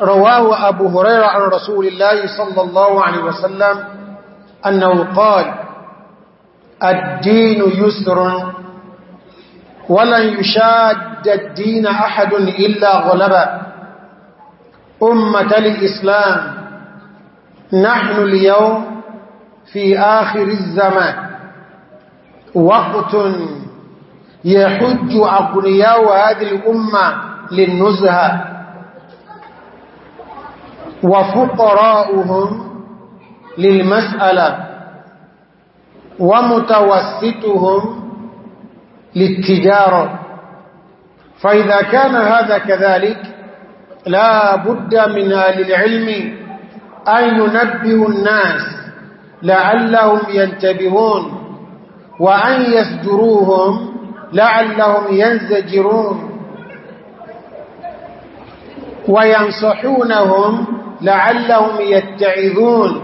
رواه أبو هريرة عن رسول الله صلى الله عليه وسلم أنه قال الدين يسر ولن يشاد الدين أحد إلا غلب أمة الإسلام نحن اليوم في آخر الزمان وقت يحج أقنياء هذه الأمة للنزهة وفقراؤهم للمسألة ومتوسطهم للتجارة فإذا كان هذا كذلك لا بد من أهل العلم أن ينبه الناس لعلهم ينتبهون وأن يسجروهم لعلهم ينزجرون وينصحونهم لعلهم يتعظون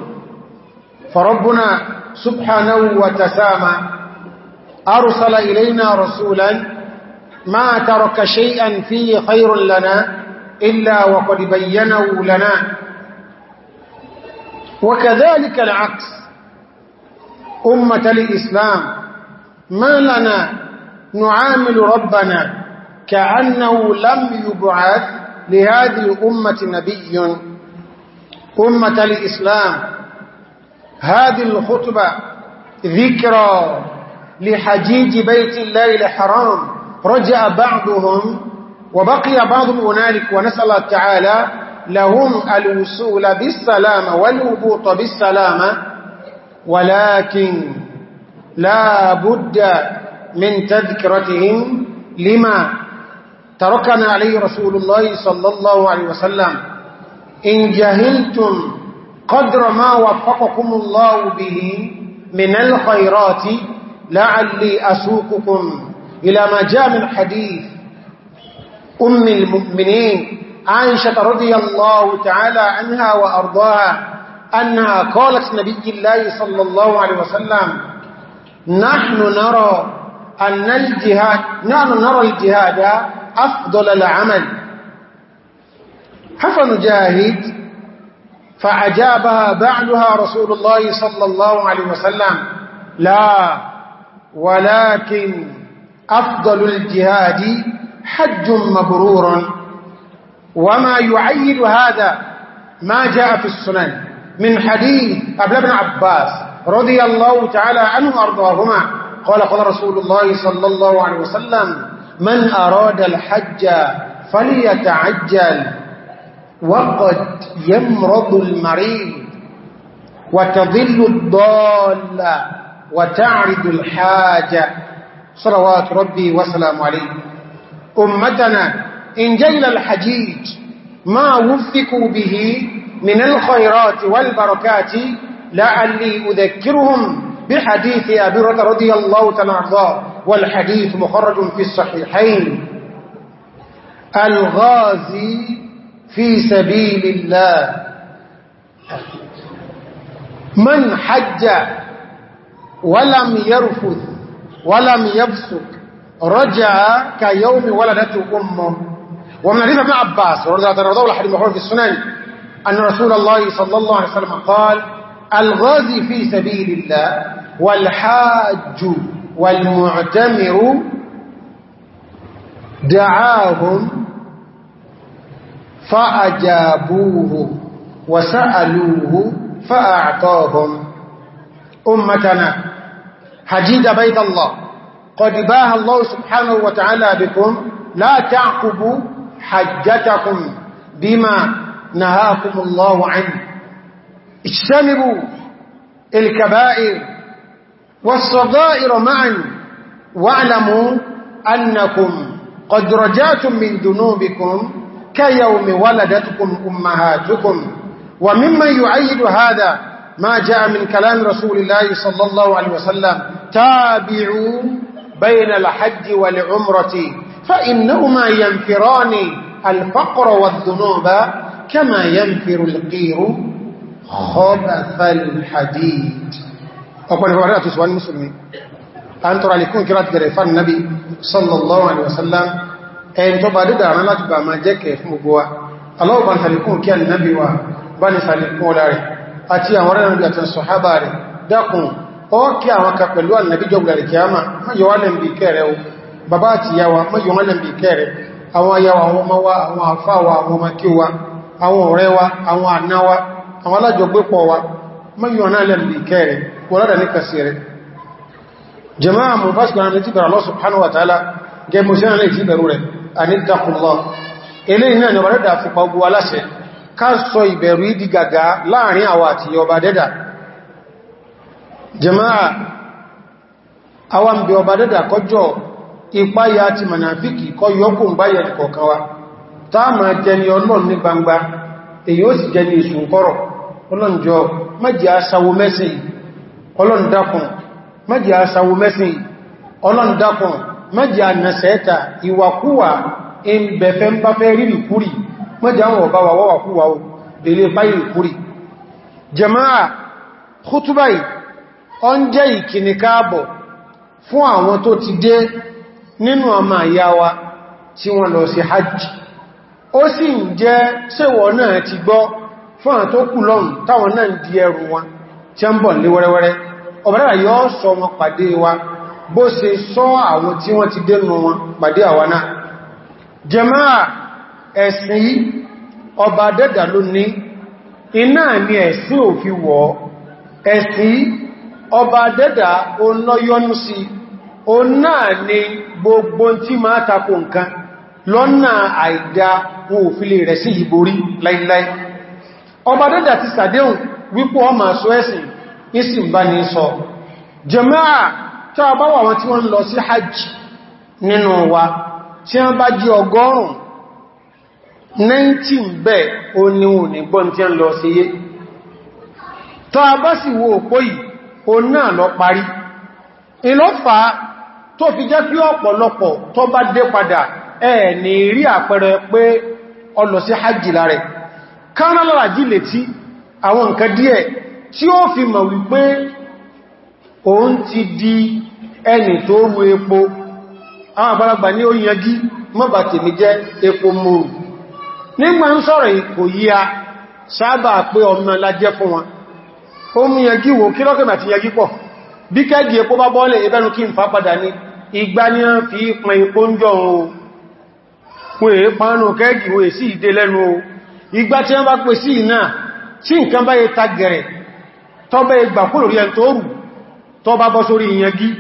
فربنا سبحانه وتسامى أرسل إلينا رسولا ما ترك شيئا فيه خير لنا إلا وقد بينه لنا وكذلك العكس أمة الإسلام ما لنا نعامل ربنا كأنه لم يبعث لهذه الأمة نبي أمة الإسلام هذه الخطبة ذكرى لحجيج بيت الله الحرام رجع بعضهم وبقي بعضهم هنالك ونسأل الله تعالى لهم الوصول بالسلامة والهبوط بالسلامة ولكن لا بد من تذكرتهم لما تركنا عليه رسول الله صلى الله عليه وسلم إن جهلتم قدر ما وفقكم الله به من الخيرات لعلي أسوقكم إلى ما جاء من حديث أم المؤمنين عائشة رضي الله تعالى عنها وأرضاها أنها قالت نبي الله صلى الله عليه وسلم نحن نرى أن الجهاد نحن نرى الجهاد أفضل العمل حفن جاهد فعجابها بعدها رسول الله صلى الله عليه وسلم لا ولكن أفضل الجهاد حج مبرور وما يعيد هذا ما جاء في السنن من حديث أبل بن عباس رضي الله تعالى عنه وأرضاهما قال قال رسول الله صلى الله عليه وسلم من أراد الحج فليتعجل وقد يمرض المريض وتضل الضال وتعرض الحاجة صلوات ربي وسلام عليه أمتنا إن جيل الحجيج ما وفقوا به من الخيرات والبركات لعلي أذكرهم بحديث أبي رضا رضي الله تنعضاه والحديث مخرج في الصحيحين الغازي في سبيل الله من حج ولم يرفث ولم يبسك رجع كيوم ولدته أمه ومن حديث ابن عباس رضي الله عنه والحديث مخرج في السنن أن رسول الله صلى الله عليه وسلم قال الغازي في سبيل الله والحاج والمعتمر دعاهم فأجابوه وسألوه فأعطاهم أمتنا حجيد بيت الله قد باه الله سبحانه وتعالى بكم لا تعقبوا حجتكم بما نهاكم الله عنه اجتنبوا الكبائر والصغائر معا واعلموا أنكم قد رجعتم من ذنوبكم كيوم ولدتكم أمهاتكم وممن يعيد هذا ما جاء من كلام رسول الله صلى الله عليه وسلم تابعوا بين الحج والعمرة فإنهما ينفران الفقر والذنوب كما ينفر القير khabathal hadid ọ̀pọ̀lọpọ̀ rẹ̀ àti ìṣòwà ní musulmi a ń tọrọ alikun kíra ti gẹ̀rẹ̀ fán nabi sallallahu alaihi wasallam ẹni tó bá dídà rán láti bá máa jẹ́ kẹ̀ fún gbogbo wa aláwọ̀bá ń salikun kí annabi wa bá ní salikun ọlá rẹ̀ àti àwọn rẹ̀ nabi àti sọ̀hábà rẹ̀ dákun ó kí àwọn ka pẹ̀lú annabi jọ́gbà rẹ̀ kìyàmà mọ́yọ̀ wọ́n lẹ́m̀bì kẹ́rẹ̀ o bàbá àti yawa mọ́yọ̀ wọ́n lẹ́m̀bì kẹ́rẹ̀ àwọn yawa àwọn ọmọ wa àwọn àfáwa àwọn ọmọ kí wa àwọn ọ̀rẹ́ wa àwọn àná wa àwọn alájọgbépọ̀ wa mẹ́yàn náà lẹ́nu ìkẹrẹ wọ́lọ́dà ní kàṣẹrẹ jama'a mú bá ṣùgbọ́n ní tíbẹ̀rẹ̀ Allah subhanahu wa ta'ala gẹmù sí ọ̀nà ìfì bẹ̀rù rẹ̀ ànídàkùnlọ ilé iná ni ọbàdẹ́dà fi pa ogun aláṣẹ ká sọ ìbẹ̀rù ìdí gàgá láàrin àwa àti ọba dẹ́dà jama'a àwa ń bẹ ọba dẹ́dà kọjọ ìpáyà ti mànàfíkì kọ yọkùn báyẹ̀ kọ̀ọ̀kan wa máa jẹni ọlọ́run ní gbangba èyí ó sì jẹni ìsùnkọ́rọ̀ ọlọ́njọ́ mẹ́jì aṣàwò mẹ́sìn ọlọ́ndakùn mẹ́jì aṣàwò mẹ́sìn ọlọ́ndakùn mẹ́jì ànàṣẹ́ta ìwàkúwà ìbẹ̀fẹ́ ń bá fẹ́ rí ìkúrì mẹ́jì àwọn ọba wàwàkúwà ilé fáyì ìkúrì jama'a kútúbáì ọ ń jẹ́ ìkíní káàbọ̀ fún àwọn tó ti dé nínú ọmọ àyáwa tí wọ́n lọ sí hajj ó sì ń jẹ́ ṣèwọ̀ náà ti gbọ́ fọ́nà tó kù lọ́n táwọn náà di ẹrù wọn tí a ń bọ̀ lé wẹ́rẹ́wẹ́rẹ́ yóò sọ wọn pàdé wa bó ṣe sọ àwọn tí wọ́n ti dénú wọn pàdé àwa náà jẹmáà ẹ̀sìn ọba dẹ́dà lónìí iná ni ẹ̀sìn ò fi wọ́ ọba dẹ́dà ti sàdéhùn wípò ọmọ àṣọ ẹ̀sìn isi ń bá ní sọ jẹmáà tí a bá wà wọn tí wọ́n lọ sí hajj nínú wa tí wọ́n bá jí ọgọ́rùn 19 bẹ́ẹ̀ ó ní òun ní gbọ́n tí wọ́n lọ sí yé tó a bá sì wo òpó yìí ó náà lọ parí ìlọ́fà tó fi jẹ́ pé ọ̀pọ̀lọpọ̀ tó bá dé padà ẹ̀ ní rí àpẹẹrẹ pé ó sí hajj lárẹ̀ kánàlára jí lè tí àwọn nǹkan díẹ̀ tí ó fi mọ̀ wípé òun ti di ẹni tó rú epo àwọn àgbàlagbà ní ó yẹgí mọ́bà tèmi jẹ́ epo mòrù nígbà ń sọ̀rọ̀ ìkò yíya sábà pé ọmọ lájẹ́ fún wọn ó mú yẹgí wò kí lọ́kẹ̀mà ti yẹgí pọ̀ bí kẹ́gì epo bá bọ́ọ̀lẹ̀ ẹbẹ́nu kí n fà padà ní ìgbà ní a fi pẹ̀ ìpóúnjọ́ ohun pẹ̀ pánù kẹ́gì wò sí ìdè lẹ́nu ohun ìgbà tí wọ́n bá pè sí iná tí nǹkan bá yẹ tagẹ̀rẹ̀ tọ́ bẹ́ ìgbà kó lórí ẹn tó rù tọ́ bá bọ́ sórí ìyẹngí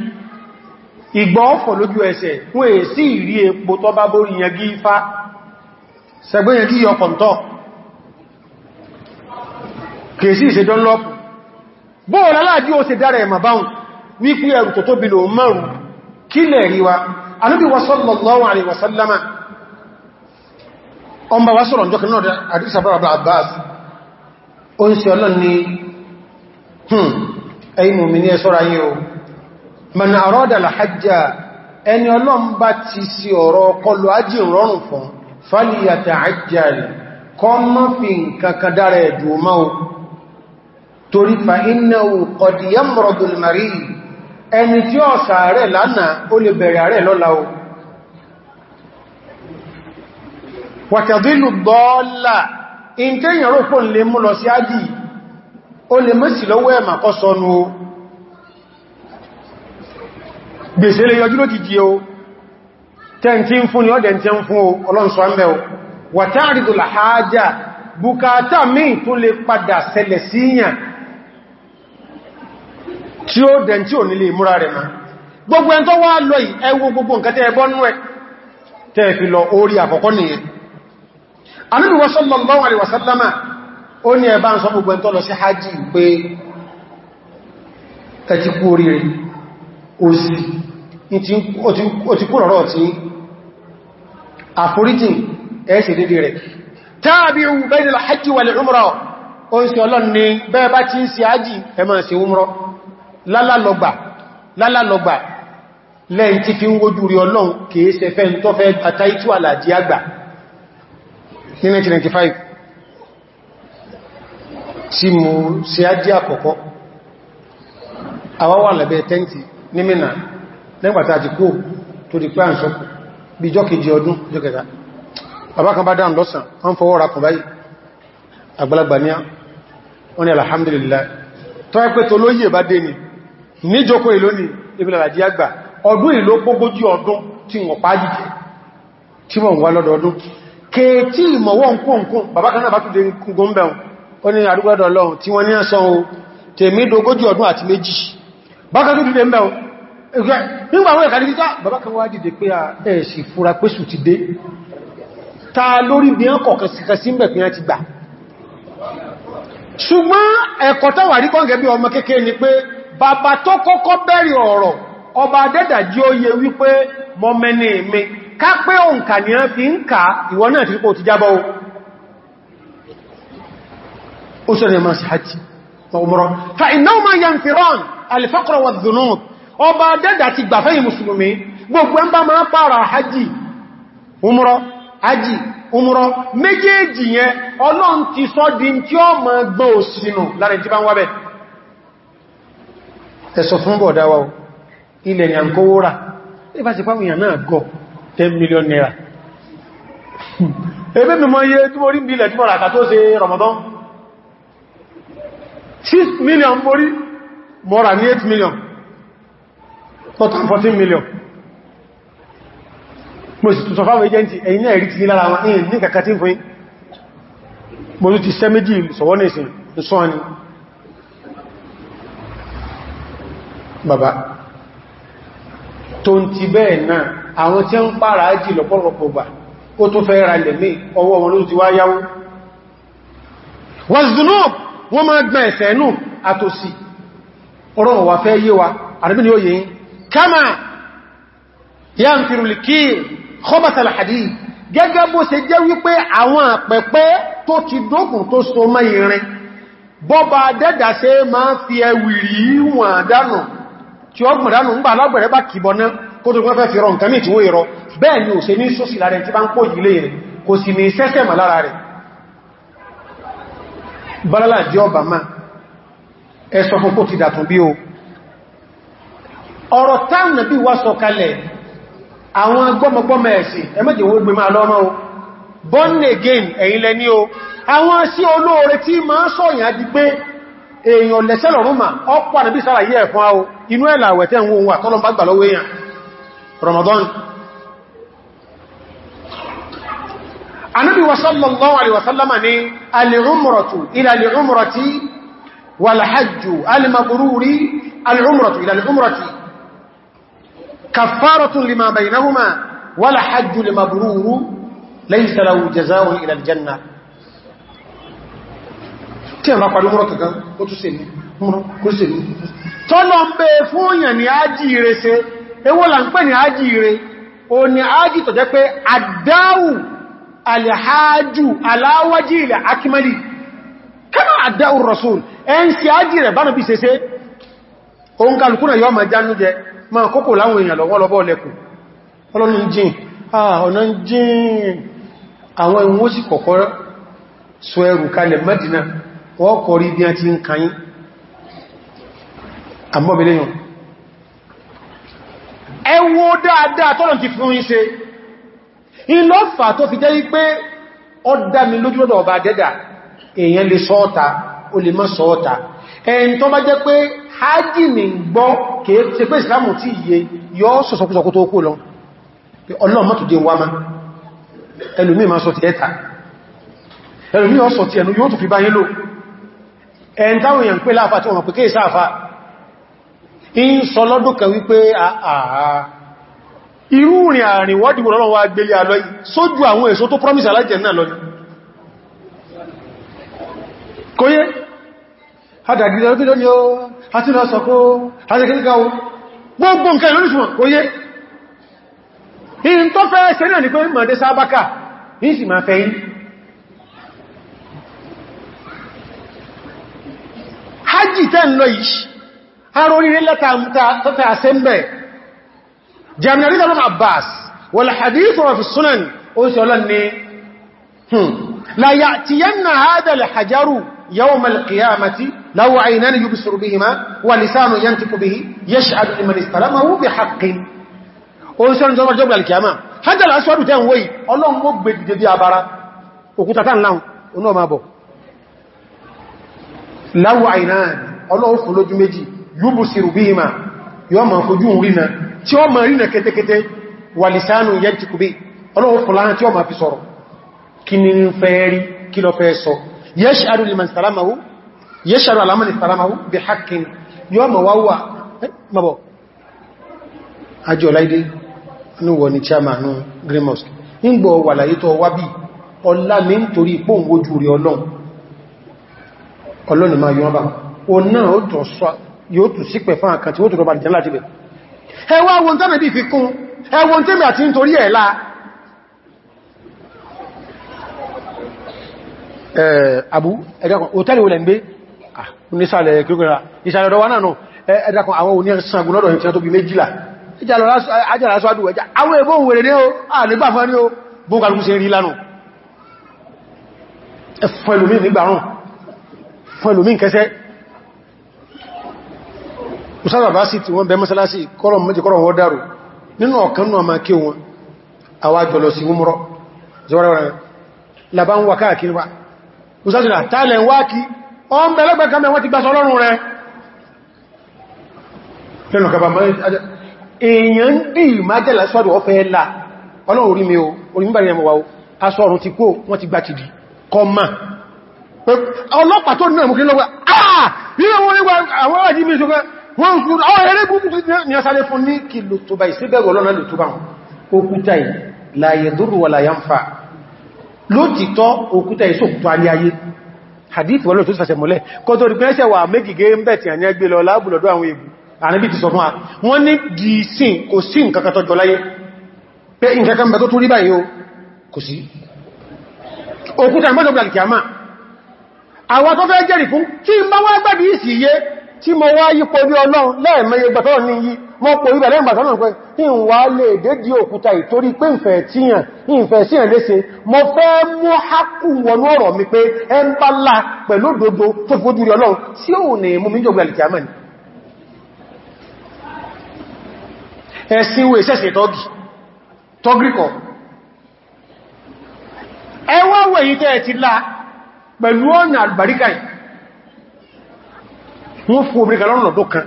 ìgbọ́ ọ̀fọ̀ lójú ẹsẹ̀ fún èyí sí ìrí epo tọ́ bá bórí ìyẹngí ifá sẹgbẹ́yẹngí ọkọ̀ntọ́ se dára ẹ̀mà báhùn wípé ẹrù tó tóbi lò márùn-ún kílẹ̀ ríwa Ànábì wa ọmọ wa sọ̀rọ̀ ǹjọ́ kanáà àdísà fara Abbas hmm, o ń se ọlọ́n ni ẹ̀yìn òmìnir ẹ̀ṣọ́ra yìí o mana àrọ́dà làhajjá ẹni ọlọ́n bá ti sí ọ̀rọ̀ kọlu ajì rọrùn fún fàlìyàtà àjàrí kọ mọ́ fi nǹkan dára ẹ̀dù ọmọ torí fa wàtàdílù dọ́ọ́lá in tí èyàn rò pò lè mú lọ sí ájì o lè mọ́ sí lọ́wọ́ ẹ̀mà kọ́ sọnù o gbèsè lè yọjú ló jìjì o tẹ́ntí ń fún ni ọ́dẹ̀ tí ń fún o ọlọ́nsọ́ ẹ̀mẹ́ o wàtàrídù làhájá bùkátà míì tó lè padà ṣẹlẹ̀ síyàn tí ó dẹ̀ tí ò lọ orí àkọ́kọ́ nìyẹn Ànábì wa sallallahu alaihi wasallama ó ní ẹ̀bá ń sọ gbogbo ẹ̀ntọ́ lọ sí hajji pé ẹ̀tí kú oríire òsì ó ti kú rọ̀rọ̀ tí àforítìn ẹ̀ẹ́sì dédé rẹ̀ tabi'u bayna al-hajji wal-umra ó ń ṣe ọlọ́n ní bẹ́ẹ̀ bá ti ń ṣe hajji ẹ máa ṣe umra lálálọgbà lálálọgbà lẹ́yìn tí fi ń wójú rí ọlọ́run kìí ṣe fẹ́ ń tọ́fẹ́ àtàítù àlàjí àgbà ní 1995 sí mú sí ájí àkọ́kọ́ àwa wà lẹ́bẹ̀ tẹ́ntì ní mìnà lẹ́gbàtà àti kó tó di pé à ń sọ bí jọ́ kejì ọdún jọ́ kẹta bàbá kan bá dáa lọ́sàn án fọwọ́ ra báyìí àgbàlagbà ní wọ́n ni alhamdulillah tó ẹ́ pé tó lóyè bá dé ni níjọ́kọ́ ìlú ni ìbìlàlàjí àgbà ọdún ìlú pógójí ọdún tí wọ́n pàájì tí wọ́n wá lọ́dọọdún kèètí ìmọ̀wọ́ nkúnkún bàbá kanáà bá tún dé gúnbẹ̀un ó ní àdúgbẹ́dọ̀ lọ́run tí wọ́n ní ẹ̀sán o tèmi dógójì ọdún àti méjì bákan tó dìde mẹ́un nígbà àwọn ẹ̀kàdé títà bàbá kan wá dìde pé ẹ̀ẹ̀sì fúra pésù ti dé ta lórí bí án kọ̀kan sí kẹsí mẹ́ pìyàn ti gbà ṣùgbọ́n ẹ̀kọ́ táwà rí kọ́ngẹ̀ bí ọmọ kékeré ni pé ká pé òǹkà ní fi ń kà ìwọ náà tìrípò ti jábọ́ ó sọ́rọ̀ ma sí fa innahuma yanfiran fi faqr wa adh ọba dẹ́dà ti gbà fẹ́yìn musulmi gbogbo ẹmbá máa pààrà hajji hajji umrah méjèèjì yẹn ọlọ́n ti sọ́ di tí ó ma gbọ́ òsìnù láàrin tí wábẹ̀ ẹ̀sọ̀ fún ilẹ̀ ìyànkówó rà 10 million naira ebe mi mọ iye tí mo rí bílẹ̀ tí mo ràkà tó ṣe Ramadan 6 million mo rí mo rà ní 8 million not 14 million mo sì tún sọ fáwọn agenti ẹ̀yìn náà rí ti lára wọn ẹ̀yìn ní kàkà tí fún yí mo tún ti sẹ́ méjì sọ̀wọ́ ní ìsìn ìsọ́ ni bàbá tó ń ti bẹ́ẹ̀ náà àwọn tí ń pààrà jì lọ́pọ̀lọpọ̀ gbà kó tó fẹ́ ra ilẹ̀ mí ọwọ́ wọn ló ti wá yáwó wọ́n wọ́n máa gbẹ̀ ẹ̀sẹ̀ nù àtòsí ọ̀rọ̀ fẹ́ yé wa àríbí kama ya ń firùlì kí kọbàtàlà hadì gẹ́gẹ́ bó ṣe jẹ́ wípé àwọn àpẹ̀pẹ́ tó ti dókùn tó so mọ́ irin bọ́bá dẹ́dà ṣe máa fi ẹwìrì wọn dánù tí ó gbọ̀dánù ń bà lágbẹ̀rẹ́ bá kìbọ̀ náà kó tó gbọ́nfẹ́ fi rọ nǹkan mí ni ò se ní sósì lára tí bá ń pò ilé rẹ̀ kò sì ní sẹ́sẹ̀ mà lára rẹ̀ balala jẹ́ ọba máa ẹsọ fún kó ti dàtún bí o ọ̀rọ̀ táwọn nàbí kalẹ̀ àwọn gbọ́mọgbọ́mọ ẹ̀sìn ẹmẹ́jẹ̀ wó gbé máa lọ́mọ́ o born again ẹ̀yin lẹ́ni o àwọn sí olóore tí máa ń sọ̀yìn àti pé èèyàn lẹ́sẹ̀lọ̀rún mà ọpọ̀ àdàbí sára yẹ́ ẹ̀fún a o inú ẹ̀làwẹ̀ tẹ́ ń wo ohun àtọ́lọ́mbàgbà رمضان النبي صلى الله عليه وسلم ني العمرة إلى العمرة والحج المبرور العمرة إلى العمرة كفارة لما بينهما والحج المبرور ليس له جزاء إلى الجنة كيف bá parí múrọ̀ kankan ó tún sí ní múrọ̀ kúrò sí ní tọ́lọ ń bẹ fún èèyàn ni muro kuro si ewó là ń pè onye ájì rẹ̀ o ni ájì tó pé àdáwù alìhájú aláwájí ilẹ̀ akimali kánà àdáwù rasul ẹn sí ájì rẹ̀ bánà bí sẹsẹ yọ ma jánú jẹ ma kókò láwọn èèyàn lọ́wọ́lọ́bọ́ wọ́n kọ̀rí a ẹ wò dáadáa tọ́lọ̀ ti fún yín ṣe ìlọ́fà tó fi jẹ́ wípé ọ dá mi lójú lọ́dọ̀ ọba dẹ́dà èèyàn lè sọ́ọ̀ta o lè mọ́ sọ́ọ̀ta ẹn tó bá jẹ́ pé hajji mi gbọ́ kèése pé ìsìlámù tí iye yọ́ sọ̀sọ̀kúsọ̀kú tó kó lọ ọlọ́mọ́ tó dé wá má ẹlùmí ma sọ ti ẹta ẹlùmí ọ sọ ti ẹnu yóò tó fi báyé lò ẹn táwọn èèyàn pé láàfà tí wọ́n pẹ̀kẹ́ ìsáàfà in sọ lọ́dún kan wípé àà irú rìn àrin wọ́dìbò lọ́nà wa gbélé alọ́ sójú àwọn èso tó promise aláìjẹ̀ náà lọ́nà kóyé adàgìdà lókè lónìí ó àti lọ sọ kó àtẹ́kẹ́kẹ́ ó gbogbo nǹkan ìlú nìṣùn kóyé in tó fẹ́ ṣe náà ní pé mọ̀dé sábákà ní sì máa fẹ́ yí hajji tẹ́ ń lọ yìí هارولي لتا متعسنبه جامن رضا بن عباس والحديث وفي السنن أنسي لني لا يأتينا هذا الحجر يوم القيامة لو عينان يبصر بهما ولسان ينتق به يشعر لمن استلمه بحق أنسي لني جمع جمع الكيامة هذا الأسود تنوي الله مبت جدي عبارة وكتتان لهم ونوم أبو لو عينان الله أخلج مجي yúbù sírù bí ìmá yóò ma fojú rínà tí ó ma rínà kẹtẹkẹtẹ wà lìsánù yẹ́ ti kùbí ọlọ́wọ́ fòláhán tí ó ma fi sọ̀rọ̀ kí ni fẹ́ rí kí lọ fẹ́ sọ yẹ́ṣàrù liman salamahu yẹ́ṣàrù alamani salamahu bí hakin yóò ma wáwà mabọ̀ ajọ́láìdé ma yọ́ bá o náà ó tọ̀ yóò tù sípẹ̀ fún àkàn tí ó tù rọ̀bà ìjẹ́ láti bẹ̀. ẹwà wọn tánà bí fi kún ẹwọ́n tí mẹ́ àti ń torí ẹ̀lá àbú ẹ̀dàkùn òtẹ́lì olè ń gbé nísàlẹ̀ kírókìrà ìsàlẹ̀ ọ̀dọ̀ wa náà ẹ̀dàkùn àwọn òní ṣàngùn lọ́dọ̀ ìfẹ́ tó bí méjìlá ajálàsọ́dù ẹja àwọn ẹbọ́ òwèrè ní ó àníbà fún ẹni ó bókalùkú sí rí lánà ẹfẹ́lùmí nígbàrún fẹ́lùmí kẹsẹ́ Usama Basi tí wọ́n bẹ mọ́sálásí kọ́lọ̀ méjì kọ́lọ̀ wọ́n dárò nínú ọ̀kan náà máa kí wọn àwà jọlọ sí múmọ́rọ̀ zọwọ́rọ̀wọ́rọ̀ labá ń wà káàkiri wá Usama tààlẹ̀ wákí ọ́n bẹ lẹ́gbẹ̀ẹ́ kan wọ́n ti gbá sọlọ́run rẹ̀ lẹ́nu kaba èèyàn dì májẹ̀lá sọ́dọ̀ ọ̀fẹ́ ẹ̀lá ọlọ́run orí mi o wọ́n ń fún àwọn eré búkú ní ọsáré fún ní kí lòtòbà ìsíbẹ̀rù ọlọ́nà lòtòbà òkúta ì láyẹ̀dúrù wà láyánfà lótìtọ́ òkúta ìsòkútọ́ alẹ́ ayé hadith wọ́n wà mẹ́gìgé ń bẹ̀tì àní ẹgbẹ́ lọ láàbùlọ́dọ́ àwọn wa wọ́n ní dìísìn kò sí nǹkan kan tọ́jọ láyé pé nǹkan kan bẹ̀ tó tún rí báyìí o kò sí òkúta ìmọ́jọ̀gbà kìí àmà àwọn tó fẹ́ jẹ́rìí fún kí n bá wọ́n gbẹ̀bí ìsìyé tí mo wá yípo bí ọlọ́run lẹ́ẹ̀mẹ́yẹ gbàtọ́rọ̀ ní yí mọ́ pò ibẹ̀ lẹ́yìn gbàtọ́rọ̀ pé kí n wá lè dédí òkúta ìtorí pé ìfẹ́ tíyàn ìfẹ́ síyàn léṣe mo fẹ́ mú hákù wọnú ọ̀rọ̀ mi pé ẹ ń bá lá pẹ̀lú òdodo tó fi ojú rí ọlọ́run tí ọ̀nà àlùbáríkà yìí wọ́n fún obìnrin kan lọ́rùn lọ́dún kan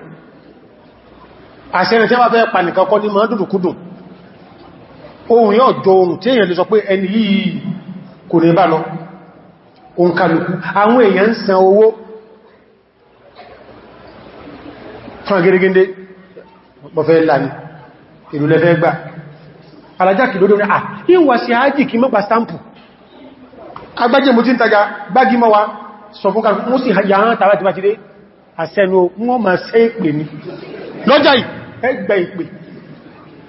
àṣẹ́rin tí a bá fẹ́ pa nìkan kọ́ ní ma dùdùkúdùn ohun yóò jọ ohun tí èyàn lè sọ pé ẹni yìí kò ní bá lọ ohun kálukú àwọn èèyàn ń san owó fún gẹ́gẹ́gẹ́dẹ́ bọ̀fẹ́ láni ìlú lẹ́fẹ́ gbà alájákì lódó ní à ìwà sí àájì kí mọ́gbà stampu agbájẹ́ mo ti ń tajà gbágímọ́wa sọ fún kàrùn mú sí yàrán tàbátibátidé àṣẹnu wọ́n máa ṣe ìpè ní lọ́jà ẹgbẹ̀ ìpè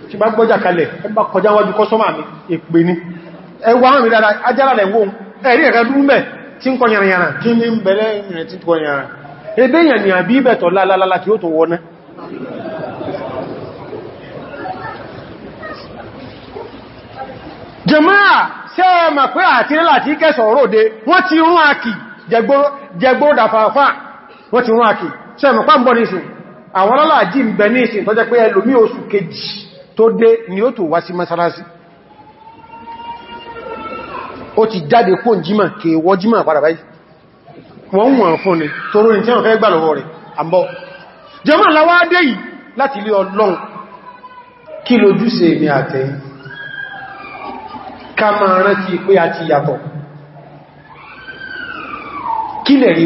tí bá gbọ́jà kalẹ̀ ẹgbà kọjá wájú kọ́sọ́mà mi ìpè ní ẹwà mi dára ajára rẹ̀ wọ́n ẹ̀rí ẹ̀rẹ́ dúrú tí ń kọyàrìyàrà kí bẹ̀rẹ̀ ebe ti wọ́n ti wọ́n àkì ṣe mọ̀ pàm bọ́ nísìn àwọn ọlọ́lá jí ń bẹ nísìn tó jẹ́ pé ẹlòmí oṣù kejì tó dé ni ó tó wá sí mọ́sálásí ó ti jáde kó jímà kèwọ́ jímà padà báyìí wọ́n ń wọ̀n fún ni toró ní tí wọ́n fẹ́ gbà lọ́wọ́ rẹ̀ àmbọ́ jẹmọ́ láwá dé yìí láti ilé ọlọ́run kí lójúṣe rí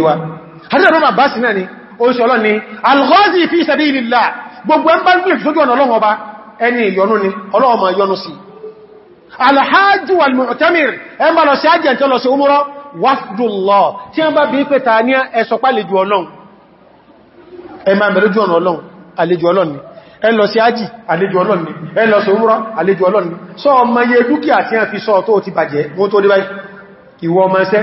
wa hadith Ibn Abbas náà ni ó ṣe ọlọ́ni al-ghazi fi sabilillah gbogbo ẹmbá ń gbìyànjú sójú ọ̀nà ọlọ́wọ́ ọba ẹni ìyọnú ni ọlọ́wọ́ ma yọnú sí al àlejò ọlọ́run ni sí ajì àlejò ọlọ́run sọ ọmọ iye dúkìá tí wọ́n fi sọ tó ti bàjẹ́ wọ́n tó dé báyìí ìwọ ọmọ ẹsẹ́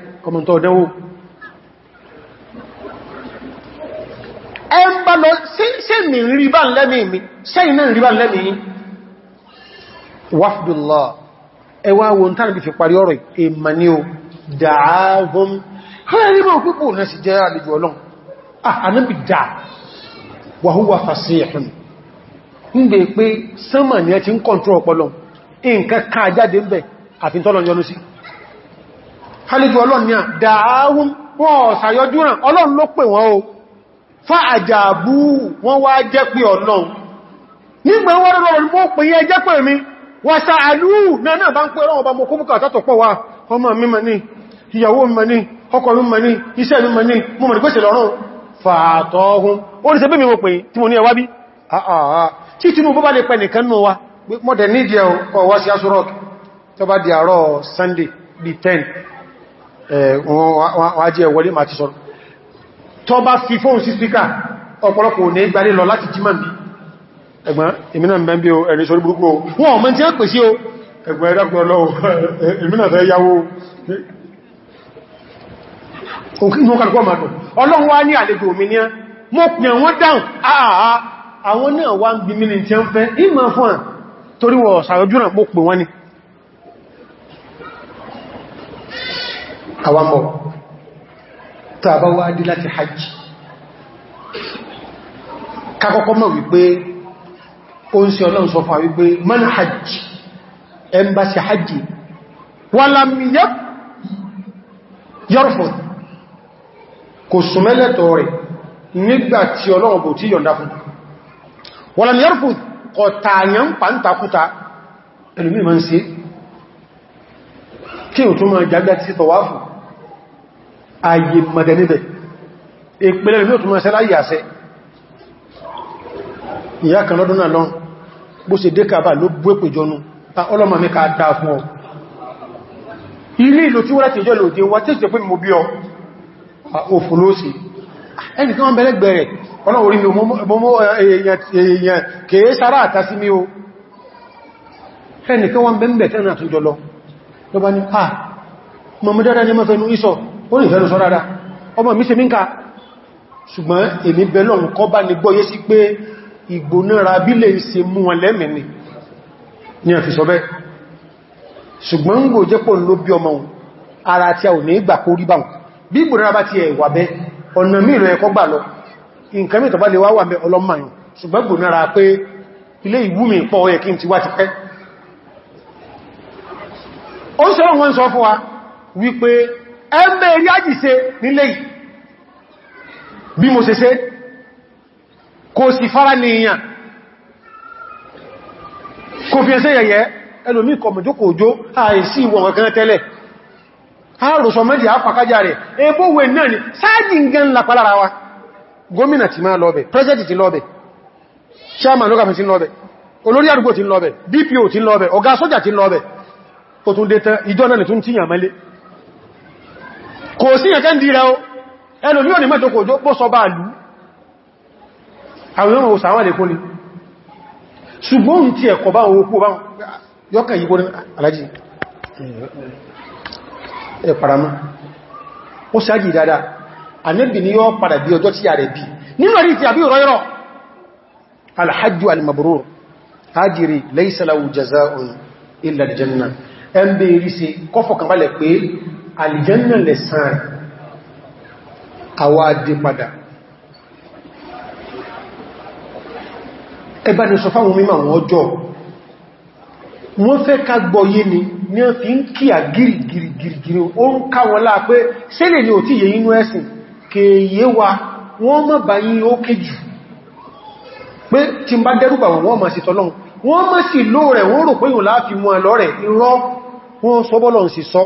kọmọntọ́ ọ̀dẹ́wò ẹn bá lọ sí mi rí bá lẹ́mí mi sẹ́yìn náà rí bá lẹ́mí yí wafdullah ẹwà wọn tánà bí fi parí ọ̀rọ̀ ìmàní o dáàgùn hẹ́rìmọ̀ púpù náà sì jẹ́ àlejò ọlọ́n ah, ànábì dáà wa huwa fasihun ń gbé pé sánmà ní ẹ ti ń kọ̀ntọ́ ọpọlọ nǹkan ká kálígbé ọlọ́run ní à dááhùn wọ́n ṣàyọjú ràn ọlọ́run ló pè wọ́n o fa àjàbú wọ́n wá jẹ́ pé ọlọ́run nígbà wọ́n rọrọ̀ mọ́ pè yẹ jẹ́ pè mi wà sàálù náà bá ń pè ọlọ́run bá mọ́ kó mú kàtà tọ̀pọ̀ wá ọmọ mi mọ̀ ní ìyàwó mi mọ̀ ní ọkọ mi mọ̀ ní iṣẹ́ mi mọ̀ ní mo mọ̀ ní pèsè lọ́rùn fàtọ́hun ó ní sẹ́bí mi mo pè tí mo Sunday bí 10 Eh, wọ́n ajẹ́ wọlé máa ti sọ tó bá fi fóòn sí spíkà ọ̀pọ̀lọpọ̀ ní gbáre lọ láti jímọ̀ bí ẹgbọ́n ìmìnà ń bẹ́ bí o ẹ̀rẹ́ sọ burúkú o wọ́n mọ́ tí ó pèsè o ẹgbọ́n ẹ̀rẹ́gbọ́n lọ ìmìnà fẹ́ yáwó ọlọ́run wá ní àlejò òmìnira mo pè wọ́n dáhùn ah, ah, ah. àwọn náà wá ń gbìmìnì tí ó ń fẹ́ ìmọ̀ fún à torí wọ̀ sàrọ̀jú náà mo pè wọ́n ni àwàmọ̀ tàbá wá dí láti hajj kakọ́kọ́ mọ̀ wípé ó ń ṣe ọlọ́run sọ fún wípé man hajj embassy hajj wà lámìyà yọ́rùfọ́ kò súnmẹ́lẹ̀tọ̀ rẹ̀ nígbàtí ọlọ́run bò tí yọ̀nda fún wà lámìyà yọ́rùfọ́ kọ̀ tààyàn pàǹtàkúta ẹlùmí ma ń ayé mọ̀dẹ̀ níbẹ̀ ìpínlẹ̀ ìlú òtún mọ́sẹ́ láyé àṣẹ ìyá kan lọ́dún náà lọ́n bó ṣe dé kàbà ló bú èpè jọnu ta ọlọ́mà mi ká dáa fún ọ ilé ìlú tí wọ́n láti ìjọ́ lòdí wọ́n tí ìjẹ́pẹ́ mú bí ọ òfúlóòsì ẹni tí wọ́n bẹ̀lẹ́gbẹ̀ rẹ̀ ọlọ́wọ́rí mi mọ́ èèyàn kèé sára àtàsí mi bẹ̀m̀bẹ̀ tẹ́rìn àtúnjọ lọ lọ́bá ní à mọ̀mọ́dára ní mọ́fẹ́nu ìsọ̀ ó ní ìfẹ́nu sọ rárá ọmọ mi se mínká ṣùgbọ́n èmi bẹ̀lọ nǹkan bá ní gbọ́yé sí pé ìgbónára bí lè ṣe mú wọn lẹ́mìnì ní ẹ̀fì sọ bẹ́ẹ̀ ṣùgbọ́n ń gò jẹ́pọ̀ ló bí ọmọ ara tí a ò ní ìgbà kó rí bá bí ìgbónára bá ti ẹ̀wà bẹ́ ọ̀nà mí ìrọ̀ ẹ̀kọ́ gbà lọ nǹkan mí ìtọ́bá lè wá wà mẹ́ ẹmẹ́ rí àjíṣe nílé yìí bí mo ṣe ṣe kò sì fara ní èèyàn kò fi ẹsẹ́ yẹ̀yẹ́ ẹlòmí kọmọ̀jókò òjò àìsí ìwọ̀n kankan tẹ́lẹ̀ àrùsọ méjì àpàkájá rẹ̀ ebówẹ̀ náà ni sáàjì ń gẹ́ ńlá palára wa gómìnà ti máa lọ́bẹ̀ president ti lọ́bẹ̀ chairman lọ́gàfin ti lọ́bẹ̀ olórí àdúgbò ti lọ́bẹ̀ dpo ti lọ́bẹ̀ ọ̀gá sójà ti lọ́bẹ̀ tó tún dé kò sí ẹ̀kẹ́ ń di rẹ̀ o ẹnu ní òní mẹ́jọ kò jó pọ́ sọ bá lú àwọn ìrìn òsà wà lè kó ní ṣùgbọ́n tí ẹ̀kọ́ bá owó kó bá yọ́kàn yíkó ní alájí ẹ̀ paramá ó sáàjì dada anẹ́bì ni yọ́ padà bí ọjọ́ tí a rẹ̀ bí nínú rí ti àbí ìrọ̀ alhajju almabrur hajiri laysa lahu jaza'un illa aljanna ẹn bèèrè sí kọfọ̀kan balẹ̀ pé aljanna lẹ́sàn rẹ̀ àwa dé padà ẹbá ni sọ fáwọn mímọ̀ wọn ọjọ́ wọ́n fẹ́ ká gbọ́yé ni ní wọ́n fi ń kí à gírígírígírí ó ń ká wọn láà pé sílẹ̀ ni ò tí yẹ inú ẹ̀sìn kèèyé wa wọ́n mọ́ bá yí ó kéjù pé tí ń bá dẹ́rùbà wọn wọ́n máa sì tọ́lọ́ wọ́n máa sì lóòrẹ̀ wọ́n rò pé yùn láàfin mú ẹlọ́rẹ̀ irọ́ wọ́n sọ́bọ́lọ̀ sì sọ́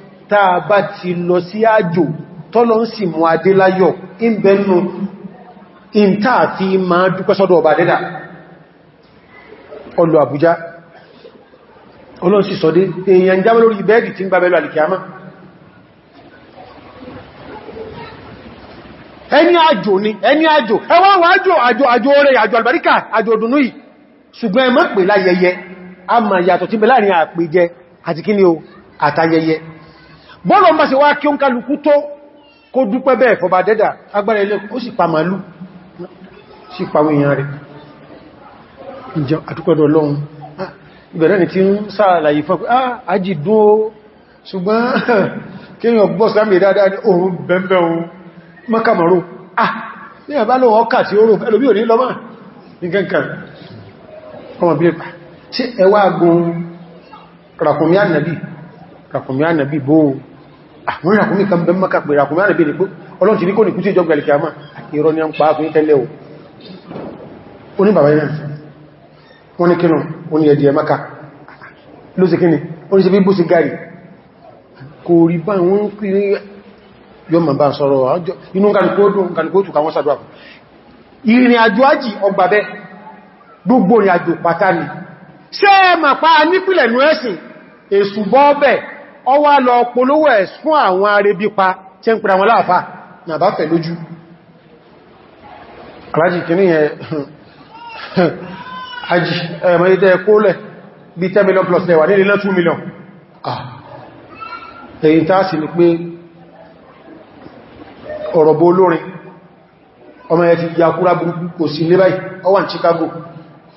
táa bá ti lọ sí àjò tọ́lọ ń sì mú adé láyọ̀ ìbẹ̀nù ìntà fi máa dúpẹ́ sọ́dọ̀ ọba dẹ́dà ọlọ Àbújá ọlọ́n sì sọ́dé èèyàn jámẹ́ lórí bẹ́ẹ̀dì tí ń gbábẹ́lú alìkìyàmá ẹni àjò ni ẹni àjò ẹwà wà àjò àjò àjò rẹ̀ àjò àlùbáríkà àjò òdùnú yìí ṣùgbọ́n ẹ má pè láyẹyẹ a ma yàtọ̀ tí bẹ láàrin àpèjẹ àti kí ni o àtayẹyẹ bọ́lọ̀ bá ṣe wá kí ó ń kálukú tó kó dúpẹ́ bẹ́ẹ̀ fọba dẹ́dà agbára ilé ó sì pa màálù sí pàwọn èèyàn rẹ̀ ìjọ àtúkọ̀dọ̀ lọ́un ah, ìbẹ̀rẹ̀ ni ti ń sáàlàyé fún àjí dún ó ṣùgbọ́n kíyàn gbọ́ sáàmì dáadáa ah, ní òun bẹ̀m̀bẹ̀ bóò àwọn ìràkúnmí kan bẹ mọ́ká pè ìràkúnmí àrẹ̀bẹ̀ rẹ̀ pé ọlọ́n ti rí kò ní kú tí ni a ń pa o ó ní bàbá iná wọ́n ní kínú ó ní ẹ̀dì ẹ̀mọ́ká ló sì kíni ó ní ṣe bí bó sì gárì kò rí bá wọ́n pí yọ mà bá sọ̀rọ̀ inú kanikóòtù káwọn sàdúrà ìrìn àjò ájì ọgbà gbogbo ìrìn àjò pátá ni ṣé mà pa nípìlẹ̀ nú ẹ̀sìn èsù bẹ́ẹ̀ ọwá lọ polówó ẹ̀ fún àwọn arẹbí pa tí ń pèrè àwọn láàfá ní àbáfẹ́ lójú alájì kìíní ẹ̀ ajì ẹ̀mọ̀ ìdẹ́ lẹ̀ bí 10 million plus ní ilẹ̀ 2 million èyí ah, sì ní pé ọ̀rọ̀ olórin ọmọ ẹ̀ ti burúkú kò sí ilé báyìí ní Chicago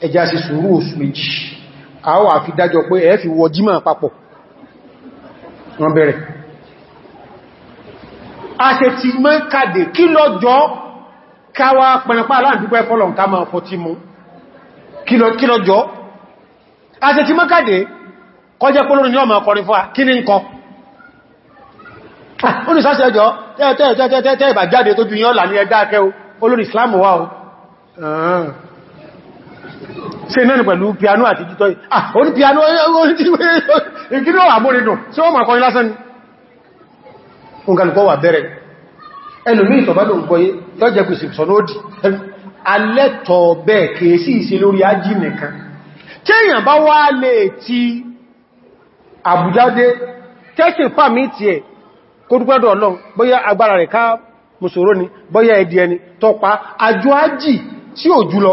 ẹjá sí sùúrù méjì a wà fi dájọ pé ẹ̀ fi wọ́n bẹ̀rẹ̀ àṣẹ̀tì mọ́ kàdè kí lọ́jọ́ káwà pẹ̀rẹ̀pá aláàdúgbẹ́ fọ́lọ̀ ká máa fọ́ tí mú kí lọ́jọ́ àṣẹ̀tì mọ́ kàdè kọjẹ́ pọ́lọ́rin ní ọmọ ọkọrin fún kí ní nǹkan olùsáṣẹ́ ọjọ́ tẹ́ẹ̀tẹ́ẹ̀tẹ́ẹ̀tẹ́ ìbàjáde tó ju yán là ní ẹgbẹ́ akẹ́ olórin Islam wà ṣe náà ni pẹ̀lú piano àti títọ́ ah orí piano ìkínú àmúrinù tí ó màkọrin lásán nǹkan kọ́ wà bẹ̀rẹ̀ ẹlùmí ìtọ̀bádùn gbọ́yé lọ́jẹ́ pèsè sọ́nódì alẹ́tọ̀ bẹ́ẹ̀ kèèsí ìṣe lórí ají nìkan kéèyàn bá wá lè ti àbújáde tẹ́sì fàmí ti ẹ̀ kó dúpẹ́dọ̀ ọlọ́run bóyá agbára rẹ̀ tí ò jùlọ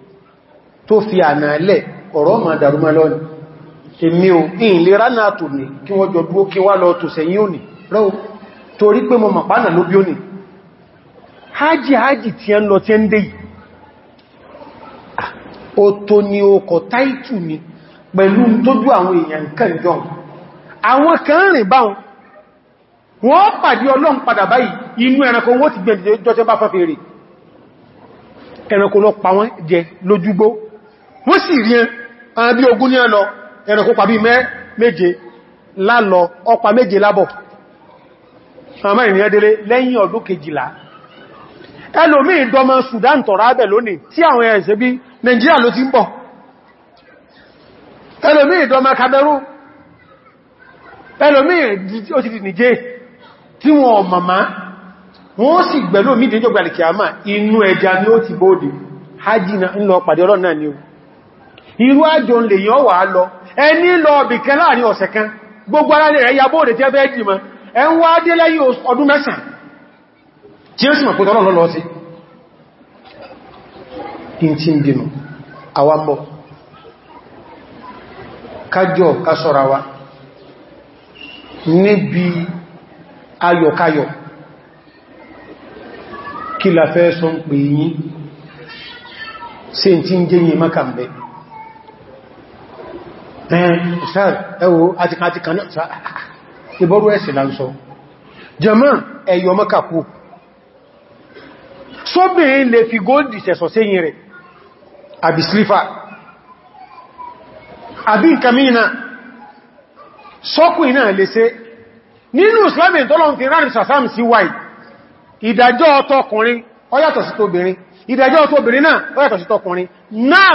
tó fi ànà ẹlẹ̀ ọ̀rọ̀ ma dàrúmà lọ́nà èmi ò ìlera náà tò ní kí wọ́n jọ dúó kí wá lọ tò sẹ́yìn òní rọ́ torí pé mo mà pánà ló bí ó ní hájì hájì tí ẹ ń lọ tí ẹ ń dé yìí ó tó ní okọ̀ táìtù ni pẹ̀lú tójú àwọn èèyàn kan àwọn kan rìn báwọn wọ́n pàdé ọlọ́run padà báyìí inú ẹranko wọ́n ti gbẹ̀dẹ̀ jọ́ wọ́n sì rí ẹran bí ogún ní ọlọ ẹranko pàbí méje lálọ ọpa méje lábọ̀ ọmọ ìrìn ẹdẹrẹ lẹ́yìn ọdún kejìlá ẹlòmí ìdọmọ Sudan tọ̀rọ abẹ̀ lónìí tí àwọn ẹ̀ṣẹ́ bí Nigeria ló ti ń bọ̀ ẹlòmí ìdọmọ ẹlòmí ó ti irú àjò ń lè yàn wà lọ ẹni lọ bìkan láàrin ọ̀sẹ̀ kan gbogbo ara rẹ̀ yà bóòdè tí ẹ bẹ́ẹ̀ jìmọ̀ ẹ ń wá dé lẹ́yìn ọdún mẹ́sàn tí ó sì mọ̀ pẹ̀tọ́ lọ́lọ́ sí in ti ń dínú àwambọ̀ kájọ kásọ̀ra wa níbi ayọ̀kayọ̀ kí la fẹ́ sọ ń pè yí sí ti ń jẹ́ yìí mọ́kànbẹ̀ẹ́ ẹwọ àti kàtí kan náà ìbọ̀rú ẹ̀sìn là ń sọ jẹmọ́ ẹ̀yọ mọ́kàkú sóbìnrin lè fi góòdì sẹ̀sọ̀ séyìn rẹ̀ àbí slífà àbí nkàmínà sọ́kùnrin náà lè ṣe nínú islami tọ́lọ́n fi ránì sàsáàmì sí wáì ìdájọ́ ọtọkùnrin ó yàtọ̀ sí tóbìnrin ìdájọ́ ọtọbìnrin náà ó yàtọ̀ sí tọkùnrin náà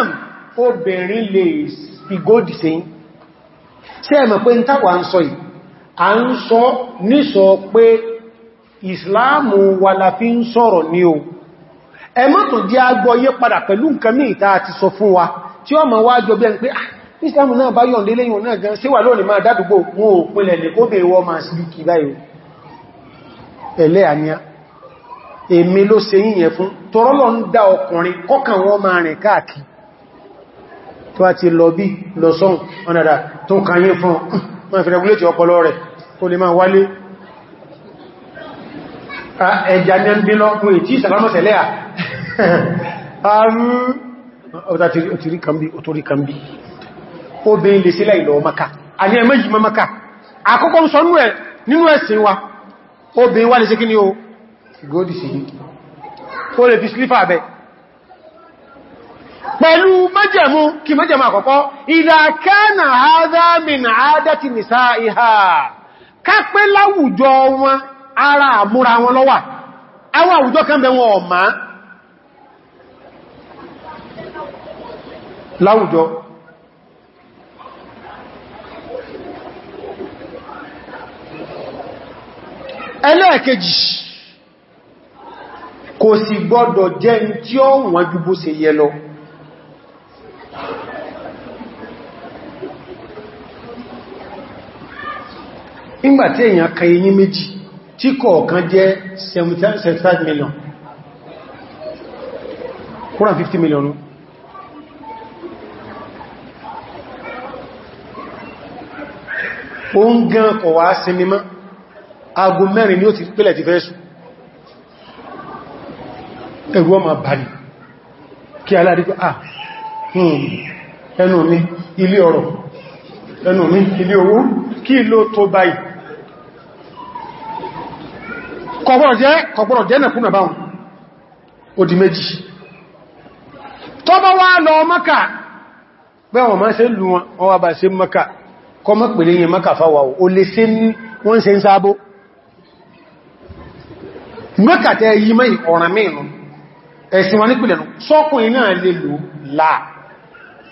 obìnrin lè fi góòdì sẹ́yìn ṣe ẹ̀mọ̀ pé ń tàwà ń sọ yìí a ń sọ nísọ pé ìsìláàmù wà la fi ń sọ̀rọ̀ ní o ẹmọ́ tó jẹ́ agbọ́yé padà pẹ̀lú nǹkan mí ìta àti sọ fún wa tí ó mọ̀ wájọ bí ẹn pé ah, ìsìláàmù náà bá yọ̀ lélẹ́yìn náà gan síwà lónìí máa dádùgbò wọn ò pínlẹ̀ lè kó bèèrè wọ́n máa sí kì báyìí tó bá ti lọ bí lọ sọ́n ọ̀nàdà tó kàyín fún wọn fi regulate ọpọlọ rẹ̀ kó lè máa wálé ẹjà ní ẹn bílọ fún ètí ìsàlámọ̀sẹ̀lẹ́ obìnrin lè sílẹ̀ ìlọ maka àní ẹ̀mẹ́jì mọ́ maka àkọ́kọ́ ń sọ nínú ẹ̀sìn wa obìnrin wà lè ṣe o gọ́dì sí ó lè fi sílífà bẹ́ẹ̀ pẹ̀lú mẹ́jẹ̀mú kí mẹ́jẹ̀mú àkọ́kọ́ ìdàkánà àádámin àádẹ́tì nìsá ìhà kápẹ́ láwùjọ wọn ara àmúra wọn lọ́wà àwọn àwùjọ kan bẹ wọn ọ̀má láwùjọ ẹlẹ́ẹ̀kejì kò sì gbọ́dọ̀ jẹ́ tí ó wọ́n ju bó ṣe yẹ lọ ìgbàtí èyàn kan eyín méjì tí kọ̀ọ̀kan jẹ́ 75 million 150 million ó ń gán kọ̀ wá sí mẹ́rin ni ó ti pẹ́lẹ̀ ti fẹ́ sùn ẹ̀rù ọmọ bàrí kí aládìí pé ah Hmm. ẹnu mi ilé ọ̀rọ̀ ẹnu mi ilé owó kí ló tó báyìí kọ̀gbọ̀rọ̀ jẹ́ kọ̀gbọ̀rọ̀ jẹ́ nẹ̀kúnnà báhùn odi méjì bá wá lọ mọ́kà bẹ́wọ̀n máa ṣe lù wọn wọ́n bá ṣe mọ́kà kọ mọ́ pèlè yẹn mọ́kà fáwà lè ṣe wọ́n ṣe ń sábó mọ́kà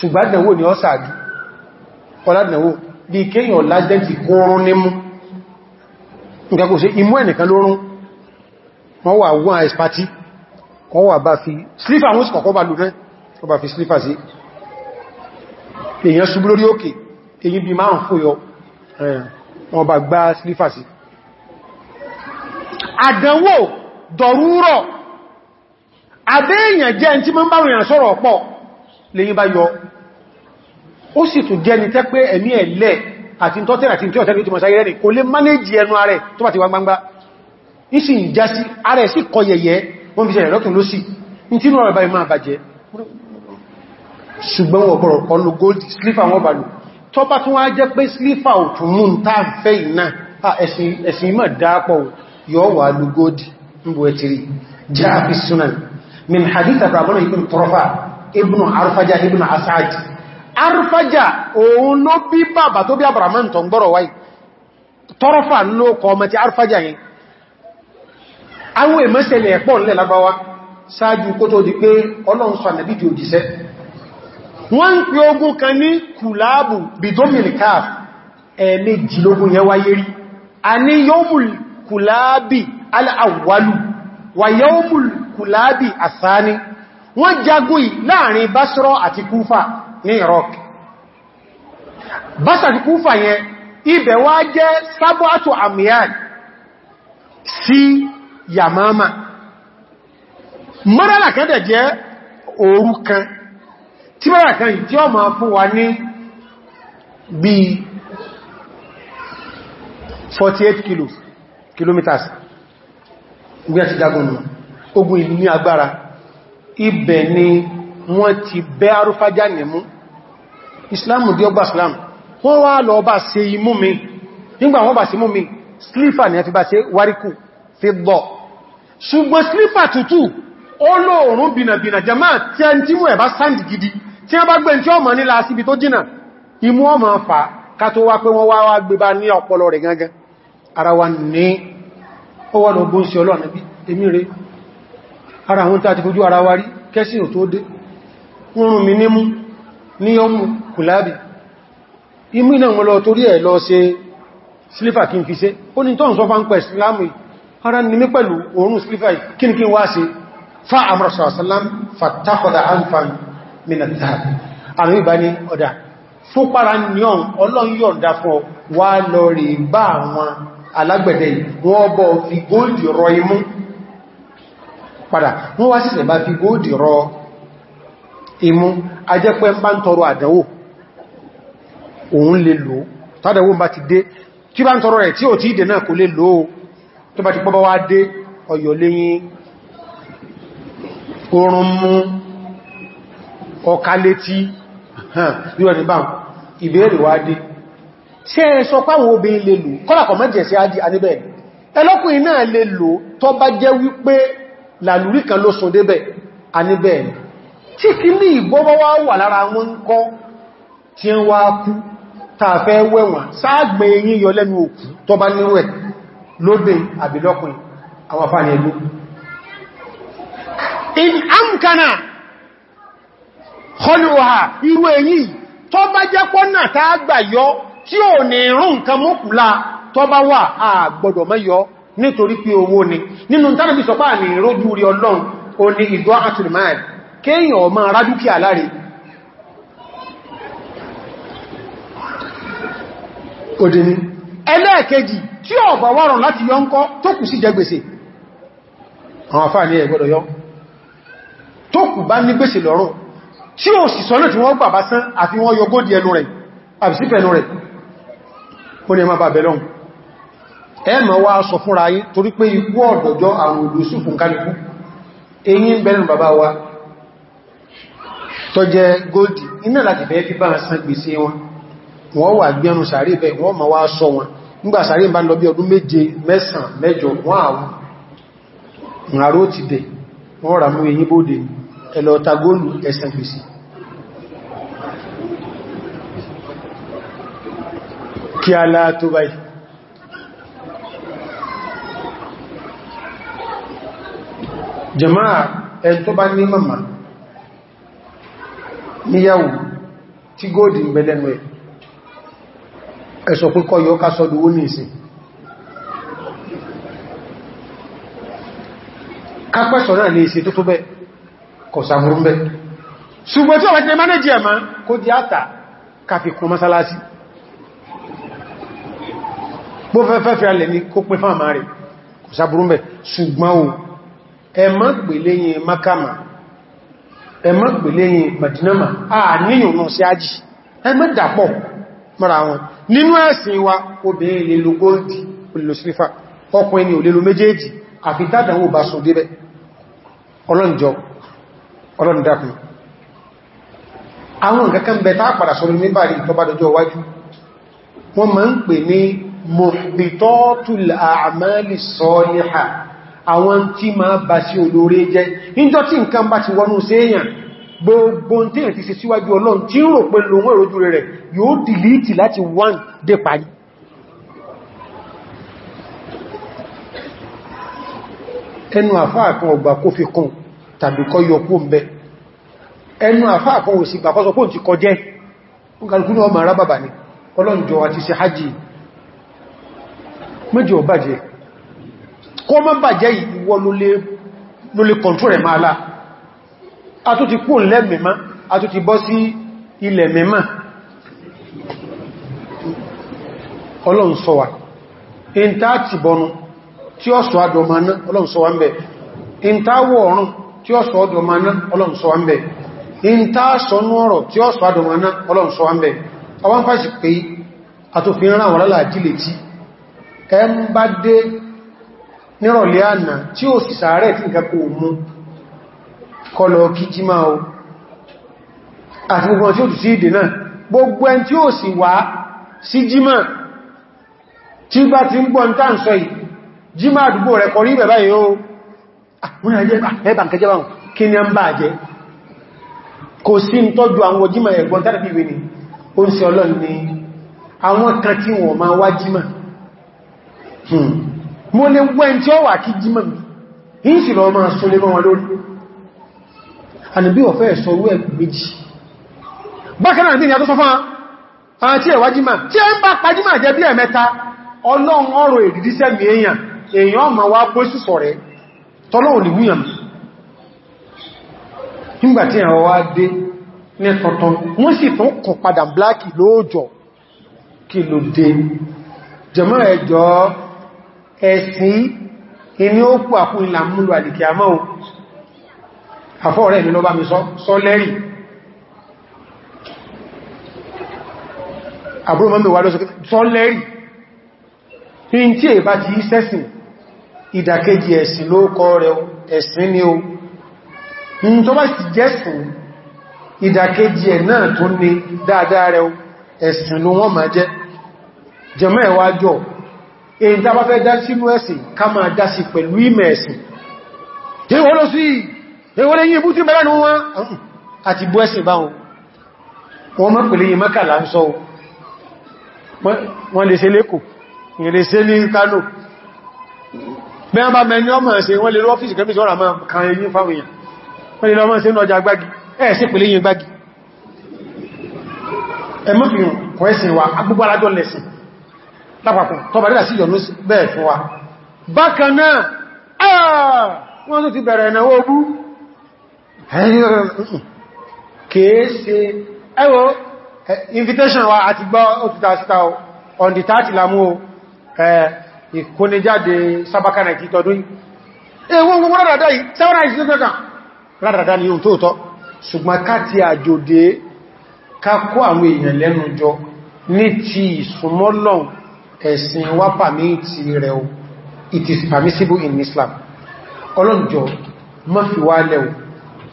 ṣùgbádẹ̀wò ni ọ sàájú ọládẹ̀wò bí kéyàn lájẹ́ntì kórún ní mú nǹkan kò ṣe imú ẹnìkan lórún wọ́n wà wọ́n àìspátí wọ́n wà bá fi slífà mú sọ̀kọ́ bá lùrẹ́ wọ́n bá fi slífà sí èyàn ṣubú lórí òkè èyí bí máa ń fòyọ wọ́n bá gbá slífà sí àdánwò dọ̀rúrọ̀ àbẹ́yàn jẹ́ ẹni tí mọ́ ń bá rìnrìn sọ̀rọ̀ pọ̀ lẹ́yìn bá yọ ó sì tún jẹ́ ni tẹ́ pé ẹ̀mí ẹ̀lẹ́ àti tọ́tẹ́ àti tí ọ̀tẹ́ ní ìtìmọ̀ sáyẹ́ rẹ̀ kò lè mánéjì ẹnu ààrẹ tó bá ti wà gbangba ìsì ń sí ààrẹ sí kọ yẹ̀yẹ́ wọ́n fi ṣẹ̀rẹ̀ lọ́tún ló sí ní tí wọ́n bá máa bàjẹ́ gold slipper wọ́n bàlù tó bá tún wá jẹ́ pé slipper ò tún mú ta fẹ́ iná ẹ̀sìn ìmọ̀ dápọ̀ yọ wà lu gold ń ibnu arfaja ibnu asad arfaja òun ló bí bàbá tó bí abraman tó ń gbọ́rọ̀ wáyé tọ́rọfà ló kọ ọmọ ti arfaja yẹn àwọn èmọ́sẹ̀lẹ̀ ẹ̀pọ̀ nílẹ̀ lábáwá sáájú kó tó di pé ọlọ́run sọ ànàbí di òjíṣẹ́ wọ́n ń pè ogun kan ní kùláàbù bidominikaf ẹ̀ẹ̀mẹ́jìlógún wọ́n jagun láàrin basro àti kúfà ní iraq basro àti kúfà yẹn ibẹ̀ wá jẹ́ sábọ́tò àmìyàn sí yamama mọ́rẹ́lá kẹ́dẹ̀ jẹ́ òru kan tí mọ́rẹ́lá kan tí ó máa fún wa ní bí 48 kilometers gbíyà ti jagun ogun ìlú ní agbára ibẹ̀ ni wọ́n ti bẹ́ arúfájá nìmú islamu di ọgbà islam wọ́n wá lọ bá ṣe imú mi nígbà wọ́n bá ṣe imú mi slipper ni a fi bá ṣe wáríkù fi bọ̀ ṣùgbọ́n slipper tutu. olóòrùn bìnàbìnà jama tí a ń tí mú ẹ̀bá sáǹdì gidi tí a bá gbẹ̀ tí ọmọ nílá síbi tó jìnà imú ọmọ fà ká tó wá pé wọ́n wá wá gbé bá ara wọn tàti fojú ara wárí kẹsìn ò tó dé oòrùn mi nímú ní ọmọ kùlábì imú iná mọ́ lọ torí ẹ̀ lọ ṣe slipper kí n fi ṣe ó ní tọ́n sọ fán pẹ̀ islamu ara ní mí pẹ̀lú oòrùn slipper kí ní kí wá ṣe fa amurasa salam fatakoda anfan minata àwọn ìbá ní ọ̀dá fún para níọ̀n ọlọ́yọ̀ndá fún wá lọ rí bá àwọn alágbẹ̀dẹ̀ wọ́n bọ̀ fi padà wọ́n wá sísẹ̀ bá fi góòdì rọ imú ajẹ́pẹ́ ń bá ń tọrọ àdánwò òun lè lò tádàwò bá ti dé tí bá ń tọrọ rẹ̀ tí ò tí ìdè náà kò lè lò tó bá ti pọ́bá wá dé ọyọ̀ lẹ́yìn orun mú ọka létí ríwọ̀n wá dé ẹlọ́kùnrin náà lè lò tó jẹ́ wípé làlúrí kan ló sùn débẹ̀ àníbẹ̀ ẹ̀ tí kí ní ìgbọ́bọ́ wà lára wọn kọ́ tí ń wá kú tààfẹ́ wẹ̀wọ̀n sáàgbẹ̀ eyín yọ lẹ́nu òkú tó bá níwẹ̀ lóde àbílọ́kùn amkana tó bá nítorí pé owó ni nínú tánàbí sọpá ní ìrójú rí ọlọ́run o ní ìdọ́ àtùlmáàd kéèyàn ọmọ arádúkìá láre òdì ni ẹlẹ́ẹ̀kejì tí ó bá wárọ̀ láti yọ ńkọ́ tó kù sí jẹ gbèsè àwọn afá ní ẹgbọ́dọ̀ yọ tó kù bá ní gbèsè lọ́rùn tí ó sì sọ́nà tí wọ́n gbà bá sán àfi wọ́n yọ ẹ̀mọ̀ wá sọ fúnra yí torí pé ikú ọ̀dọ̀jọ́ àrùn olùsù fún kálùkú eyín bẹ̀rẹ̀ bàbá wa tó jẹ góòdì iná láti fẹ́ fi bá san gbèsè wọn wọ́n wà gbẹ́nu sàárè bẹ̀ ma wá sọ wọn nígbà sàárè bá lọ bí ọdún méje mẹ́sàn mẹ́jọ wọ́n àwọn ìràró ti dẹ̀ wọ́n rà mú eyín bóde jama'a ẹn tó bá ní màmá níyàwó tí góòdì ń bẹ lẹ́nu ẹ̀ ẹ̀sọ̀ pínkọ́ yọ ká sọ́dọ̀ owó ní ìsìn kápẹ́sọ̀ náà ní ìsìn tó tó bẹ́ kọ̀ sàmúrú bẹ́ ṣùgbọ́n tí ọ̀wọ́n ti mánéjì kó di àtà kàfikún mọ́sálásí bó fẹ́fẹ́ fẹ́ alẹ̀ ní kó pín fáàmà rẹ̀ kò sàbúrú bẹ́ ṣùgbọ́n ẹmọ́ gbèléyìn makama ẹmọ́ gbèléyìn madinama a níyàn náà sí ájì ẹmọ́ dàpọ̀ mara wọn nínú ẹ̀sìn wa obìnrin lè lo góòdì olùlòsílífà ọkùnrin ni ò lè lo méjèèjì àfi dádàwò bá sọ débẹ̀ ọlọ́njọ ọlọ́ndàkùn àwọn nǹkan bẹ̀ àwọn tí ma bá sí olóre jẹ́ níjọ́ tí nǹkan bá ti wọnú sí èyàn gbogbo tí èyàn ti ṣe síwájú ọlọ́run tí rò pé lòun èròjú rẹ̀ yóò dìlítì láti wọ́n dé parí ẹnu àfáà kan ọgbà kó fi kún tàbí kọ yọ kó mbẹ ẹnu àfáà ò sì gbà kó mọ́ bàjẹ́ ìwọ ló lè kọ̀ntú rẹ̀ máa láà a tó ti kú lẹ́ mẹ́má a tó ti bọ́ sí ilẹ̀ mẹ́má ọlọ́run ṣọ́ wa in ta ti bọnu tí ó sọ àdọ̀mà náà ọlọ́run ṣọ́ wa ń bẹ̀ in ta wọ ọ̀run tí ó sọ àdọ̀mà náà ọlọ́run ṣọ́ wa ń bẹ̀ in ta sọnú ọ̀rọ̀ tí ó sọ àdọ̀mà náà ń bẹ̀ ọwọ́n fásitì pé a tó fi ń rán àwọn alálàájí tí ẹ ń bá dé nírọ̀lẹ́ àná tí ó sì sàárẹ̀ tí nǹkan kò mú kọlọ kí jí máa o àti gbogbo tí ó ti sí ìdè náà gbogbo ẹn tí ó sì wá sí jímá tí bá ti ń gbọ́n tán sọ yìí jímá àdúgbò rẹ̀ kọrí bẹ̀bá yìí ó kò sí àwọn kan tí wọ́n máa wá jímá hmm mo lè wẹ́n tí ó wà kí jímọ̀ yìí sì lọ máa mọ́ wọn lórí ànìbí ọ̀fẹ́ ẹ̀sọ̀rú ẹ̀ méjì bákan náà bí ni a tó sọ fún àwọn tí ẹ̀wà jímọ̀ tí ẹ ń bá pajímọ̀ jẹ́ bí ẹ̀mẹ́ta ọlọ́run ọ̀rọ̀ ma wá bó sísọ̀ rẹ̀ tọ́lọ́run nìwúyàn nígbàtí ẹ̀rọ wá dé ní tọ̀tọ̀n wọ́n sì tún kọ̀ padà bláàkì lóòjọ́ kí ló dé ẹjọ́ ẹ̀sìn inú ó pù àkú ìlà múlù àdìkì àmọ́ àfọ́ rẹ̀ ìlú lọ bá mi sọ lẹ́rì àbúrò mọ́ mi wà lọ́sọ̀kẹ́ sọ lẹ́rì ní tí è bá ti sẹ́sìn ìdàkejì ẹ̀sìn ló kọ rẹ̀ ẹ̀sìn ni o ní tó bá ti jẹ́sìn ìdàkejì ẹ̀ náà tó ní dáadáa rẹ̀ ẹ̀sìn ló wọ́n máa jẹ́ jẹ́mọ́ ẹ̀wájọ́ èyí tá bá fẹ́ dá sínú ẹ̀sìn ká máa dá sí pẹ̀lú ìmẹ̀ ẹ̀sìn tí wọ́n lọ sí ìwọ́n lè yí ibú tí mẹ́rànú wọn àti bú ẹ̀sìn báwọn wọ́n mọ́ pẹ̀lú yí mẹ́kàlá ń sọ wọ́n lè ṣe lẹ́kò lè ṣe ní Kánò mẹ́rin bá mẹ́ni ọmọ ẹ̀sìn wọ́n lè lọ ọ́fíìsì kẹ́mí sọ́ra máa kan eyín lápapọ̀ tọba dídà sí ìyọ̀nú bẹ́ẹ̀ fún wa bákan náà àà ah, wọ́n tó ti bẹ̀rẹ̀ ìnáwó ogú kèése ẹwọ invitation wa àti gbọ́ òtútà síta on the 30 lámú ìkónijáde sábákà nàìjí tọdún ewọ́n gbogbo rádàdá yìí 796 rádàdá ni yóò tóòtọ́ ṣùgbọ́n ká ti àjòdé ká kó àwọn èèyàn lẹ́nu jọ ní ti ìsúnmọ́lọ́un ẹ̀sìn wá pàmíìtì rẹ̀ o it is permissible in Islam ọlọ́njọ́ má fi wá lẹ́wọ̀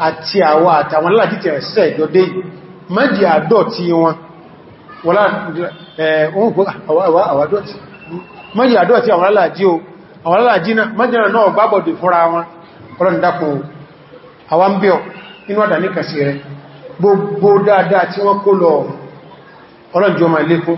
àti àwọ àtàwọn aláàjí ti rẹ̀ sẹ́ ìjọdé mẹ́jì àdọ́tí wọn wọ́lá ah, mẹ́jì àdọ́tí àwọn aláàjí o àwọn aláàjí náà mẹ́jì náà gbábọ̀dì fúnra wọn ọlọ́ndàkùn àwọn bíọ̀ inú àdà ní kàsí rẹ̀ gbogbo dáadáa tí wọ́n kó lọ ọlọ́njọ́ ma lékún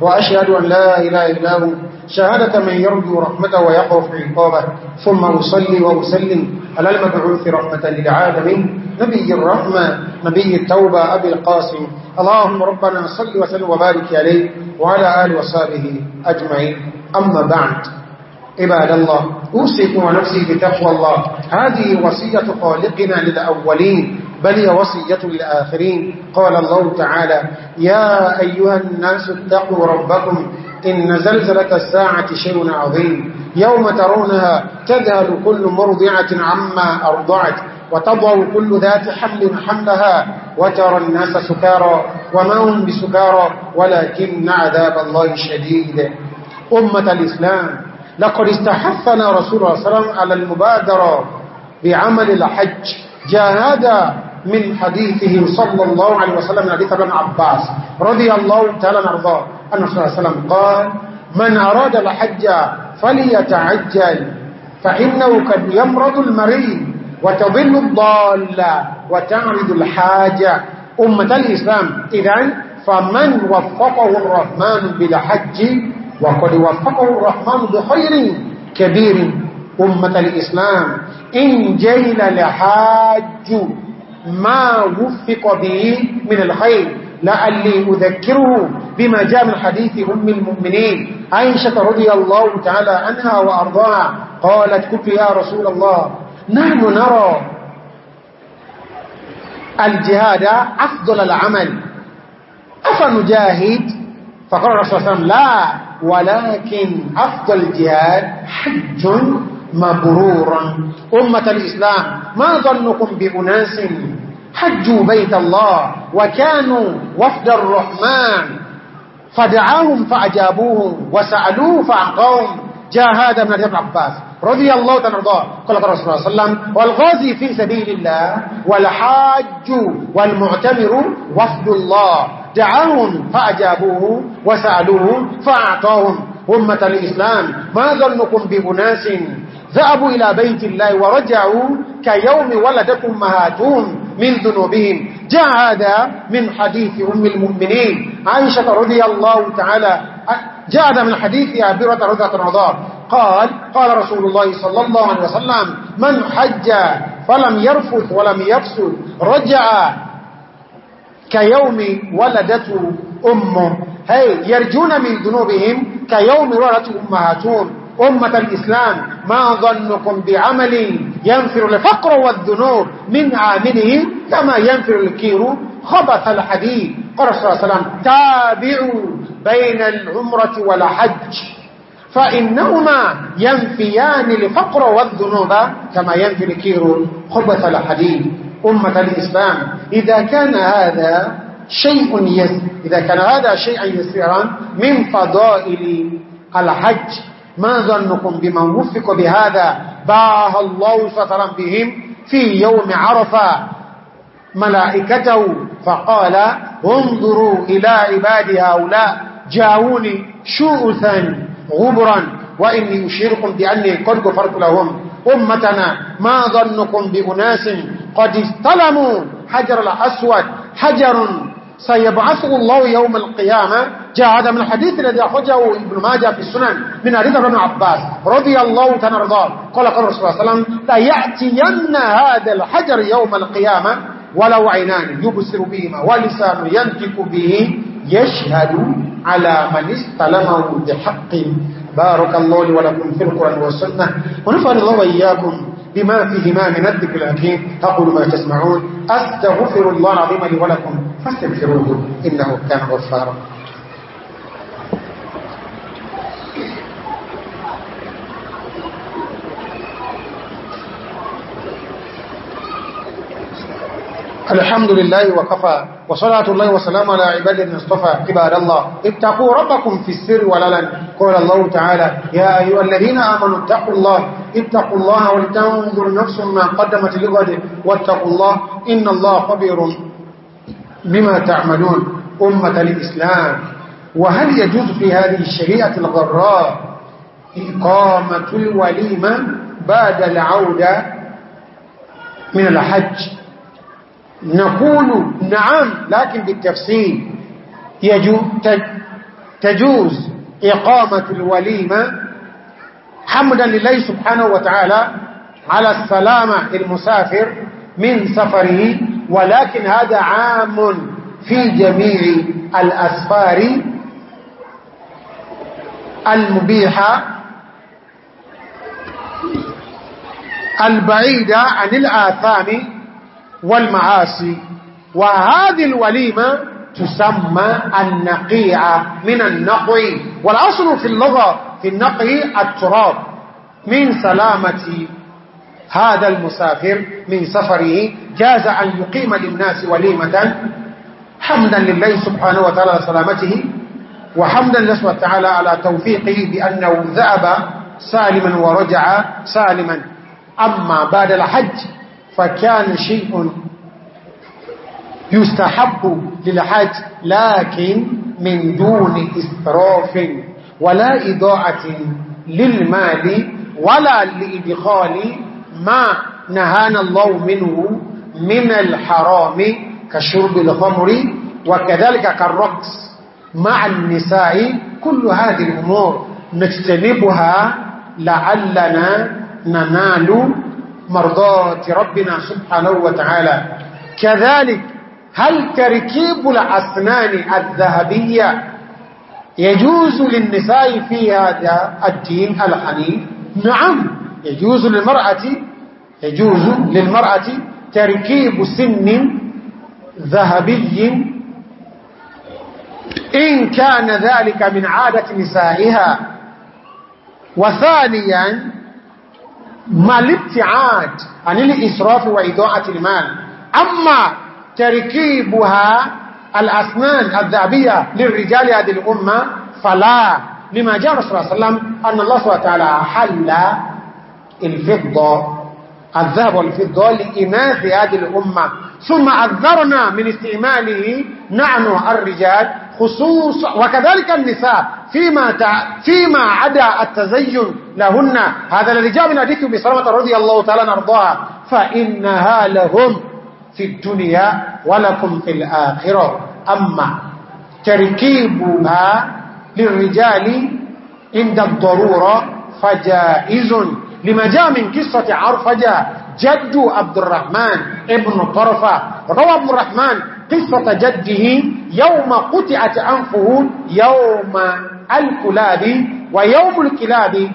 وأشهد أن لا إله إلا هو شهادة من يرجو رحمته في عقابه ثم أصلي وأسلم على المبعوث رحمة للعالمين نبي الرحمة نبي التوبة أبي القاسم اللهم ربنا صل وسلم وبارك عليه وعلى آل وصحبه أجمعين أما بعد عباد الله أوصيكم ونفسي بتقوى الله هذه وصية خالقنا للأولين بل هي وصية للآخرين قال الله تعالى يا أيها الناس اتقوا ربكم إن زلزلة الساعة شيء عظيم يوم ترونها تذهل كل مرضعة عما أرضعت وتضع كل ذات حمل حملها وترى الناس سكارى وما هم بسكارى ولكن عذاب الله شديد أمة الإسلام لقد استحفنا رسول الله صلى الله عليه وسلم على المبادرة بعمل الحج جاهد من حديثه صلى الله عليه وسلم حديث ابن عباس رضي الله تعالى عنه أن صلى الله عليه وسلم قال من أراد الحج فليتعجل فإنه قد يمرض المريض وتضل الضالة وتعرض الحاجة أمة الإسلام اذا فمن وفقه الرحمن بالحج وقد وفقه الرحمن بخير كبير أمة الإسلام إن جيل لحاج ما وفق به من الخير لعلي أذكره بما جاء من حديث أم المؤمنين عائشة رضي الله تعالى عنها وأرضاها قالت كف يا رسول الله نحن نرى الجهاد أفضل العمل أفنجاهد فقال الرسول صلى الله عليه وسلم لا ولكن أفضل الجهاد حج مبرورا أمة الإسلام ما ظنكم بأناس حجوا بيت الله وكانوا وفد الرحمن فدعاهم فأجابوه وسألوه فأعطاهم جاء هذا من ابن عباس رضي الله تنرضاه قال قال رسول الله صلى الله عليه وسلم والغازي في سبيل الله والحاج والمعتمر وفد الله دعاهم فأجابوه وسألوه فأعطاهم أمة الإسلام ما ظنكم بأناس ذهبوا إلى بيت الله ورجعوا كيوم ولدت مهاتون من ذنوبهم جاء هذا من حديث أم المؤمنين عائشة رضي الله تعالى جاء هذا من حديث عبيرة رضا الرضاء قال قال رسول الله صلى الله عليه وسلم من حج فلم يرفث ولم يفسد رجع كيوم ولدته أمه هي يرجون من ذنوبهم كيوم ولدته أمهاتون أمة الإسلام ما ظنكم بعمل ينفر الفقر والذنوب من عامله كما ينفر الكير خبث الحديد قال صلى الله عليه وسلم تابعوا بين العمرة والحج فإنهما ينفيان الفقر والذنوب كما ينفي الكير خبث الحديد أمة الإسلام إذا كان هذا شيء يس... إذا كان هذا شيئا يسيرا من فضائل الحج ما ظنكم بمن وفق بهذا باعها الله فترا بهم في يوم عرفة ملائكته فقال انظروا إلى عبادي هؤلاء جاؤوني شؤثا غبرا وإني أشيركم بأني قد غفرت لهم أمتنا ما ظنكم بأناس قد استلموا حجر الأسود حجر سيبعثه الله يوم القيامة جاء هذا من الحديث الذي أخرجه ابن ماجه في السنن من حديث ابن عباس رضي الله تعالى قال قال رسول الله صلى الله عليه وسلم ليأتين هذا الحجر يوم القيامة ولو عينان يبصر بهما ولسان ينطق به يشهد على من استلمه بحق بارك الله لي ولكم في القرآن والسنة ونفعل الله وإياكم بما فيهما من الذكر الأكيم تقول ما تسمعون أستغفر الله العظيم لي ولكم فاستغفروه إنه كان غفارا الحمد لله وكفى وصلاة الله وسلام على عباد المصطفى عباد الله اتقوا ربكم في السر وللن قال الله تعالى يا أيها الذين آمنوا اتقوا الله اتقوا الله ولتنظر نفس ما قدمت لغد واتقوا الله إن الله خبير بما تعملون أمة الإسلام وهل يجوز في هذه الشريعة الغراء إقامة الوليمة بعد العودة من الحج نقول نعم لكن بالتفصيل تجوز إقامة الوليمة حمدا لله سبحانه وتعالى على السلامة المسافر من سفره ولكن هذا عام في جميع الأسفار المبيحة البعيدة عن الآثام والمعاصي وهذه الوليمة تسمى النقيعة من النقع والأصل في اللغة في النقي التراب من سلامة هذا المسافر من سفره جاز أن يقيم للناس وليمة حمدا لله سبحانه وتعالى على سلامته وحمدا لله وتعالى على توفيقه بأنه ذأب سالما ورجع سالما أما بعد الحج فكان شيء يستحب للحاج لكن من دون إسراف ولا إضاعة للمال ولا لإدخال ما نهانا الله منه من الحرام كشرب الخمر وكذلك كالرقص مع النساء كل هذه الأمور نجتنبها لعلنا ننال مرضاة ربنا سبحانه وتعالى كذلك هل تركيب الأسنان الذهبية يجوز للنساء في هذا الدين الحنيف نعم يجوز للمرأة يجوز للمرأة تركيب سن ذهبي إن كان ذلك من عادة نسائها وثانيا مع الابتعاد عن الإسراف وإضاءة المال أما تركيبها الأسنان الذهبية للرجال هذه الأمة فلا لما جاء رسول الله صلى الله عليه وسلم أن الله سبحانه وتعالى حل الفضة الذهب والفضة لإناث هذه الأمة ثم أذرنا من استعماله نحن الرجال خصوصا وكذلك النساء فيما تع... فيما عدا التزين لهن هذا الذي جاء من حديث ابي سلمة رضي الله تعالى عنها فانها لهم في الدنيا ولكم في الاخره اما تركيبها للرجال عند الضروره فجائز لما جاء من قصه عرفجه جد عبد الرحمن ابن طرفه روى عبد الرحمن قصة جده يوم قطعت أنفه يوم الكلاب ويوم الكلاب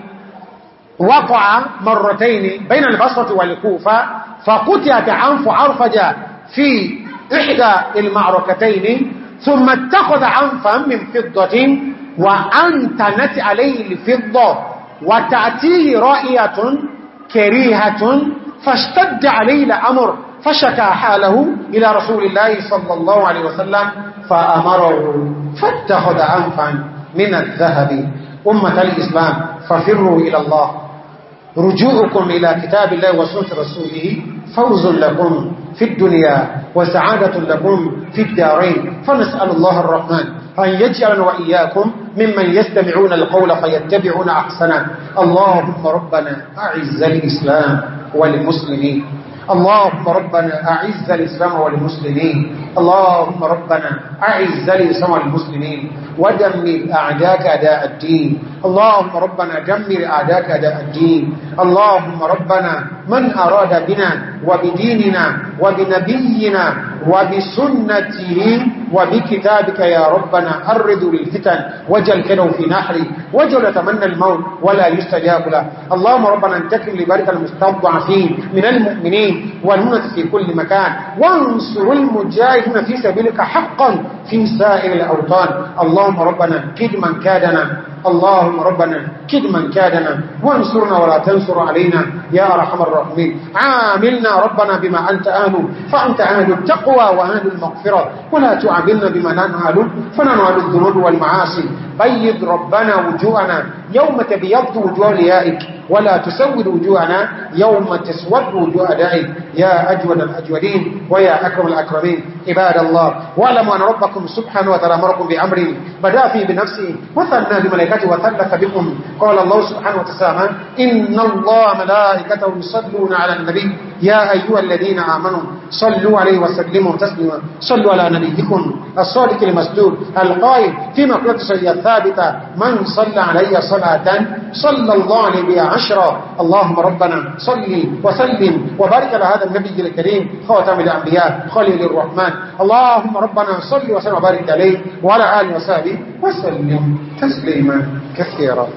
وقع مرتين بين البصرة والكوفة فقطعت أنف عرفجة في إحدى المعركتين ثم اتخذ أنفا من فضة وأنتنت عليه الفضة وتأتيه رائية كريهة فاشتد عليه الأمر فشكى حاله إلى رسول الله صلى الله عليه وسلم فأمره فاتخذ أنفا من الذهب أمة الإسلام ففروا إلى الله رجوعكم إلى كتاب الله وسنة رسوله فوز لكم في الدنيا وسعادة لكم في الدارين فنسأل الله الرحمن أن يجعلنا وإياكم ممن يستمعون القول فيتبعون أحسنا اللهم ربنا أعز الإسلام والمسلمين اللهم ربنا أعز الإسلام والمسلمين اللهم ربنا أعز الإسلام والمسلمين ودمر أعداك أداء الدين اللهم ربنا دمر أعداك أداء الدين اللهم ربنا من أراد بنا وبديننا وبنبينا وبسنته وبكتابك يا ربنا أرد للفتن وجل كنو في نحري وجل تمنى الموت ولا يستجاب له اللهم ربنا انتكم لبارك المستضعفين من المؤمنين والمنة في كل مكان وانصر المجاهدين في سبيلك حقا في سائر الأوطان اللهم ربنا كد من كادنا اللهم ربنا كد من كادنا وانصرنا ولا تنصر علينا يا أرحم الراحمين عاملنا ربنا بما أنت آهل فأنت آهل التقوى وآهل المغفرة ولا تعاملنا عملنا بما لا نعلم فننال الذنوب والمعاصي بيض ربنا وجوهنا يوم تبيض وجوه ليائك ولا تسود وجوهنا يوم تسود وجوه أدائك يا أجود الأجودين ويا أكرم الأكرمين عباد الله واعلموا أن ربكم سبحانه وتعالى أمركم بأمر بدأ فيه بنفسه وثنى بملائكته وثلث بكم قال الله سبحانه وتعالى إن الله ملائكته يصلون على النبي يا أيها الذين آمنوا صلوا عليه وسلموا تسليما صلوا على نبيكم الصادق المسدود القائل في مقلة سيئة ثابتة من صلى علي صلاة صلى الله عليه بها عشرة اللهم ربنا صلي وسلم وبارك على هذا النبي الكريم خاتم الأنبياء خليل الرحمن اللهم ربنا صلي وسلم وبارك عليه وعلى آله وصحبه وسلم تسليما كثيرا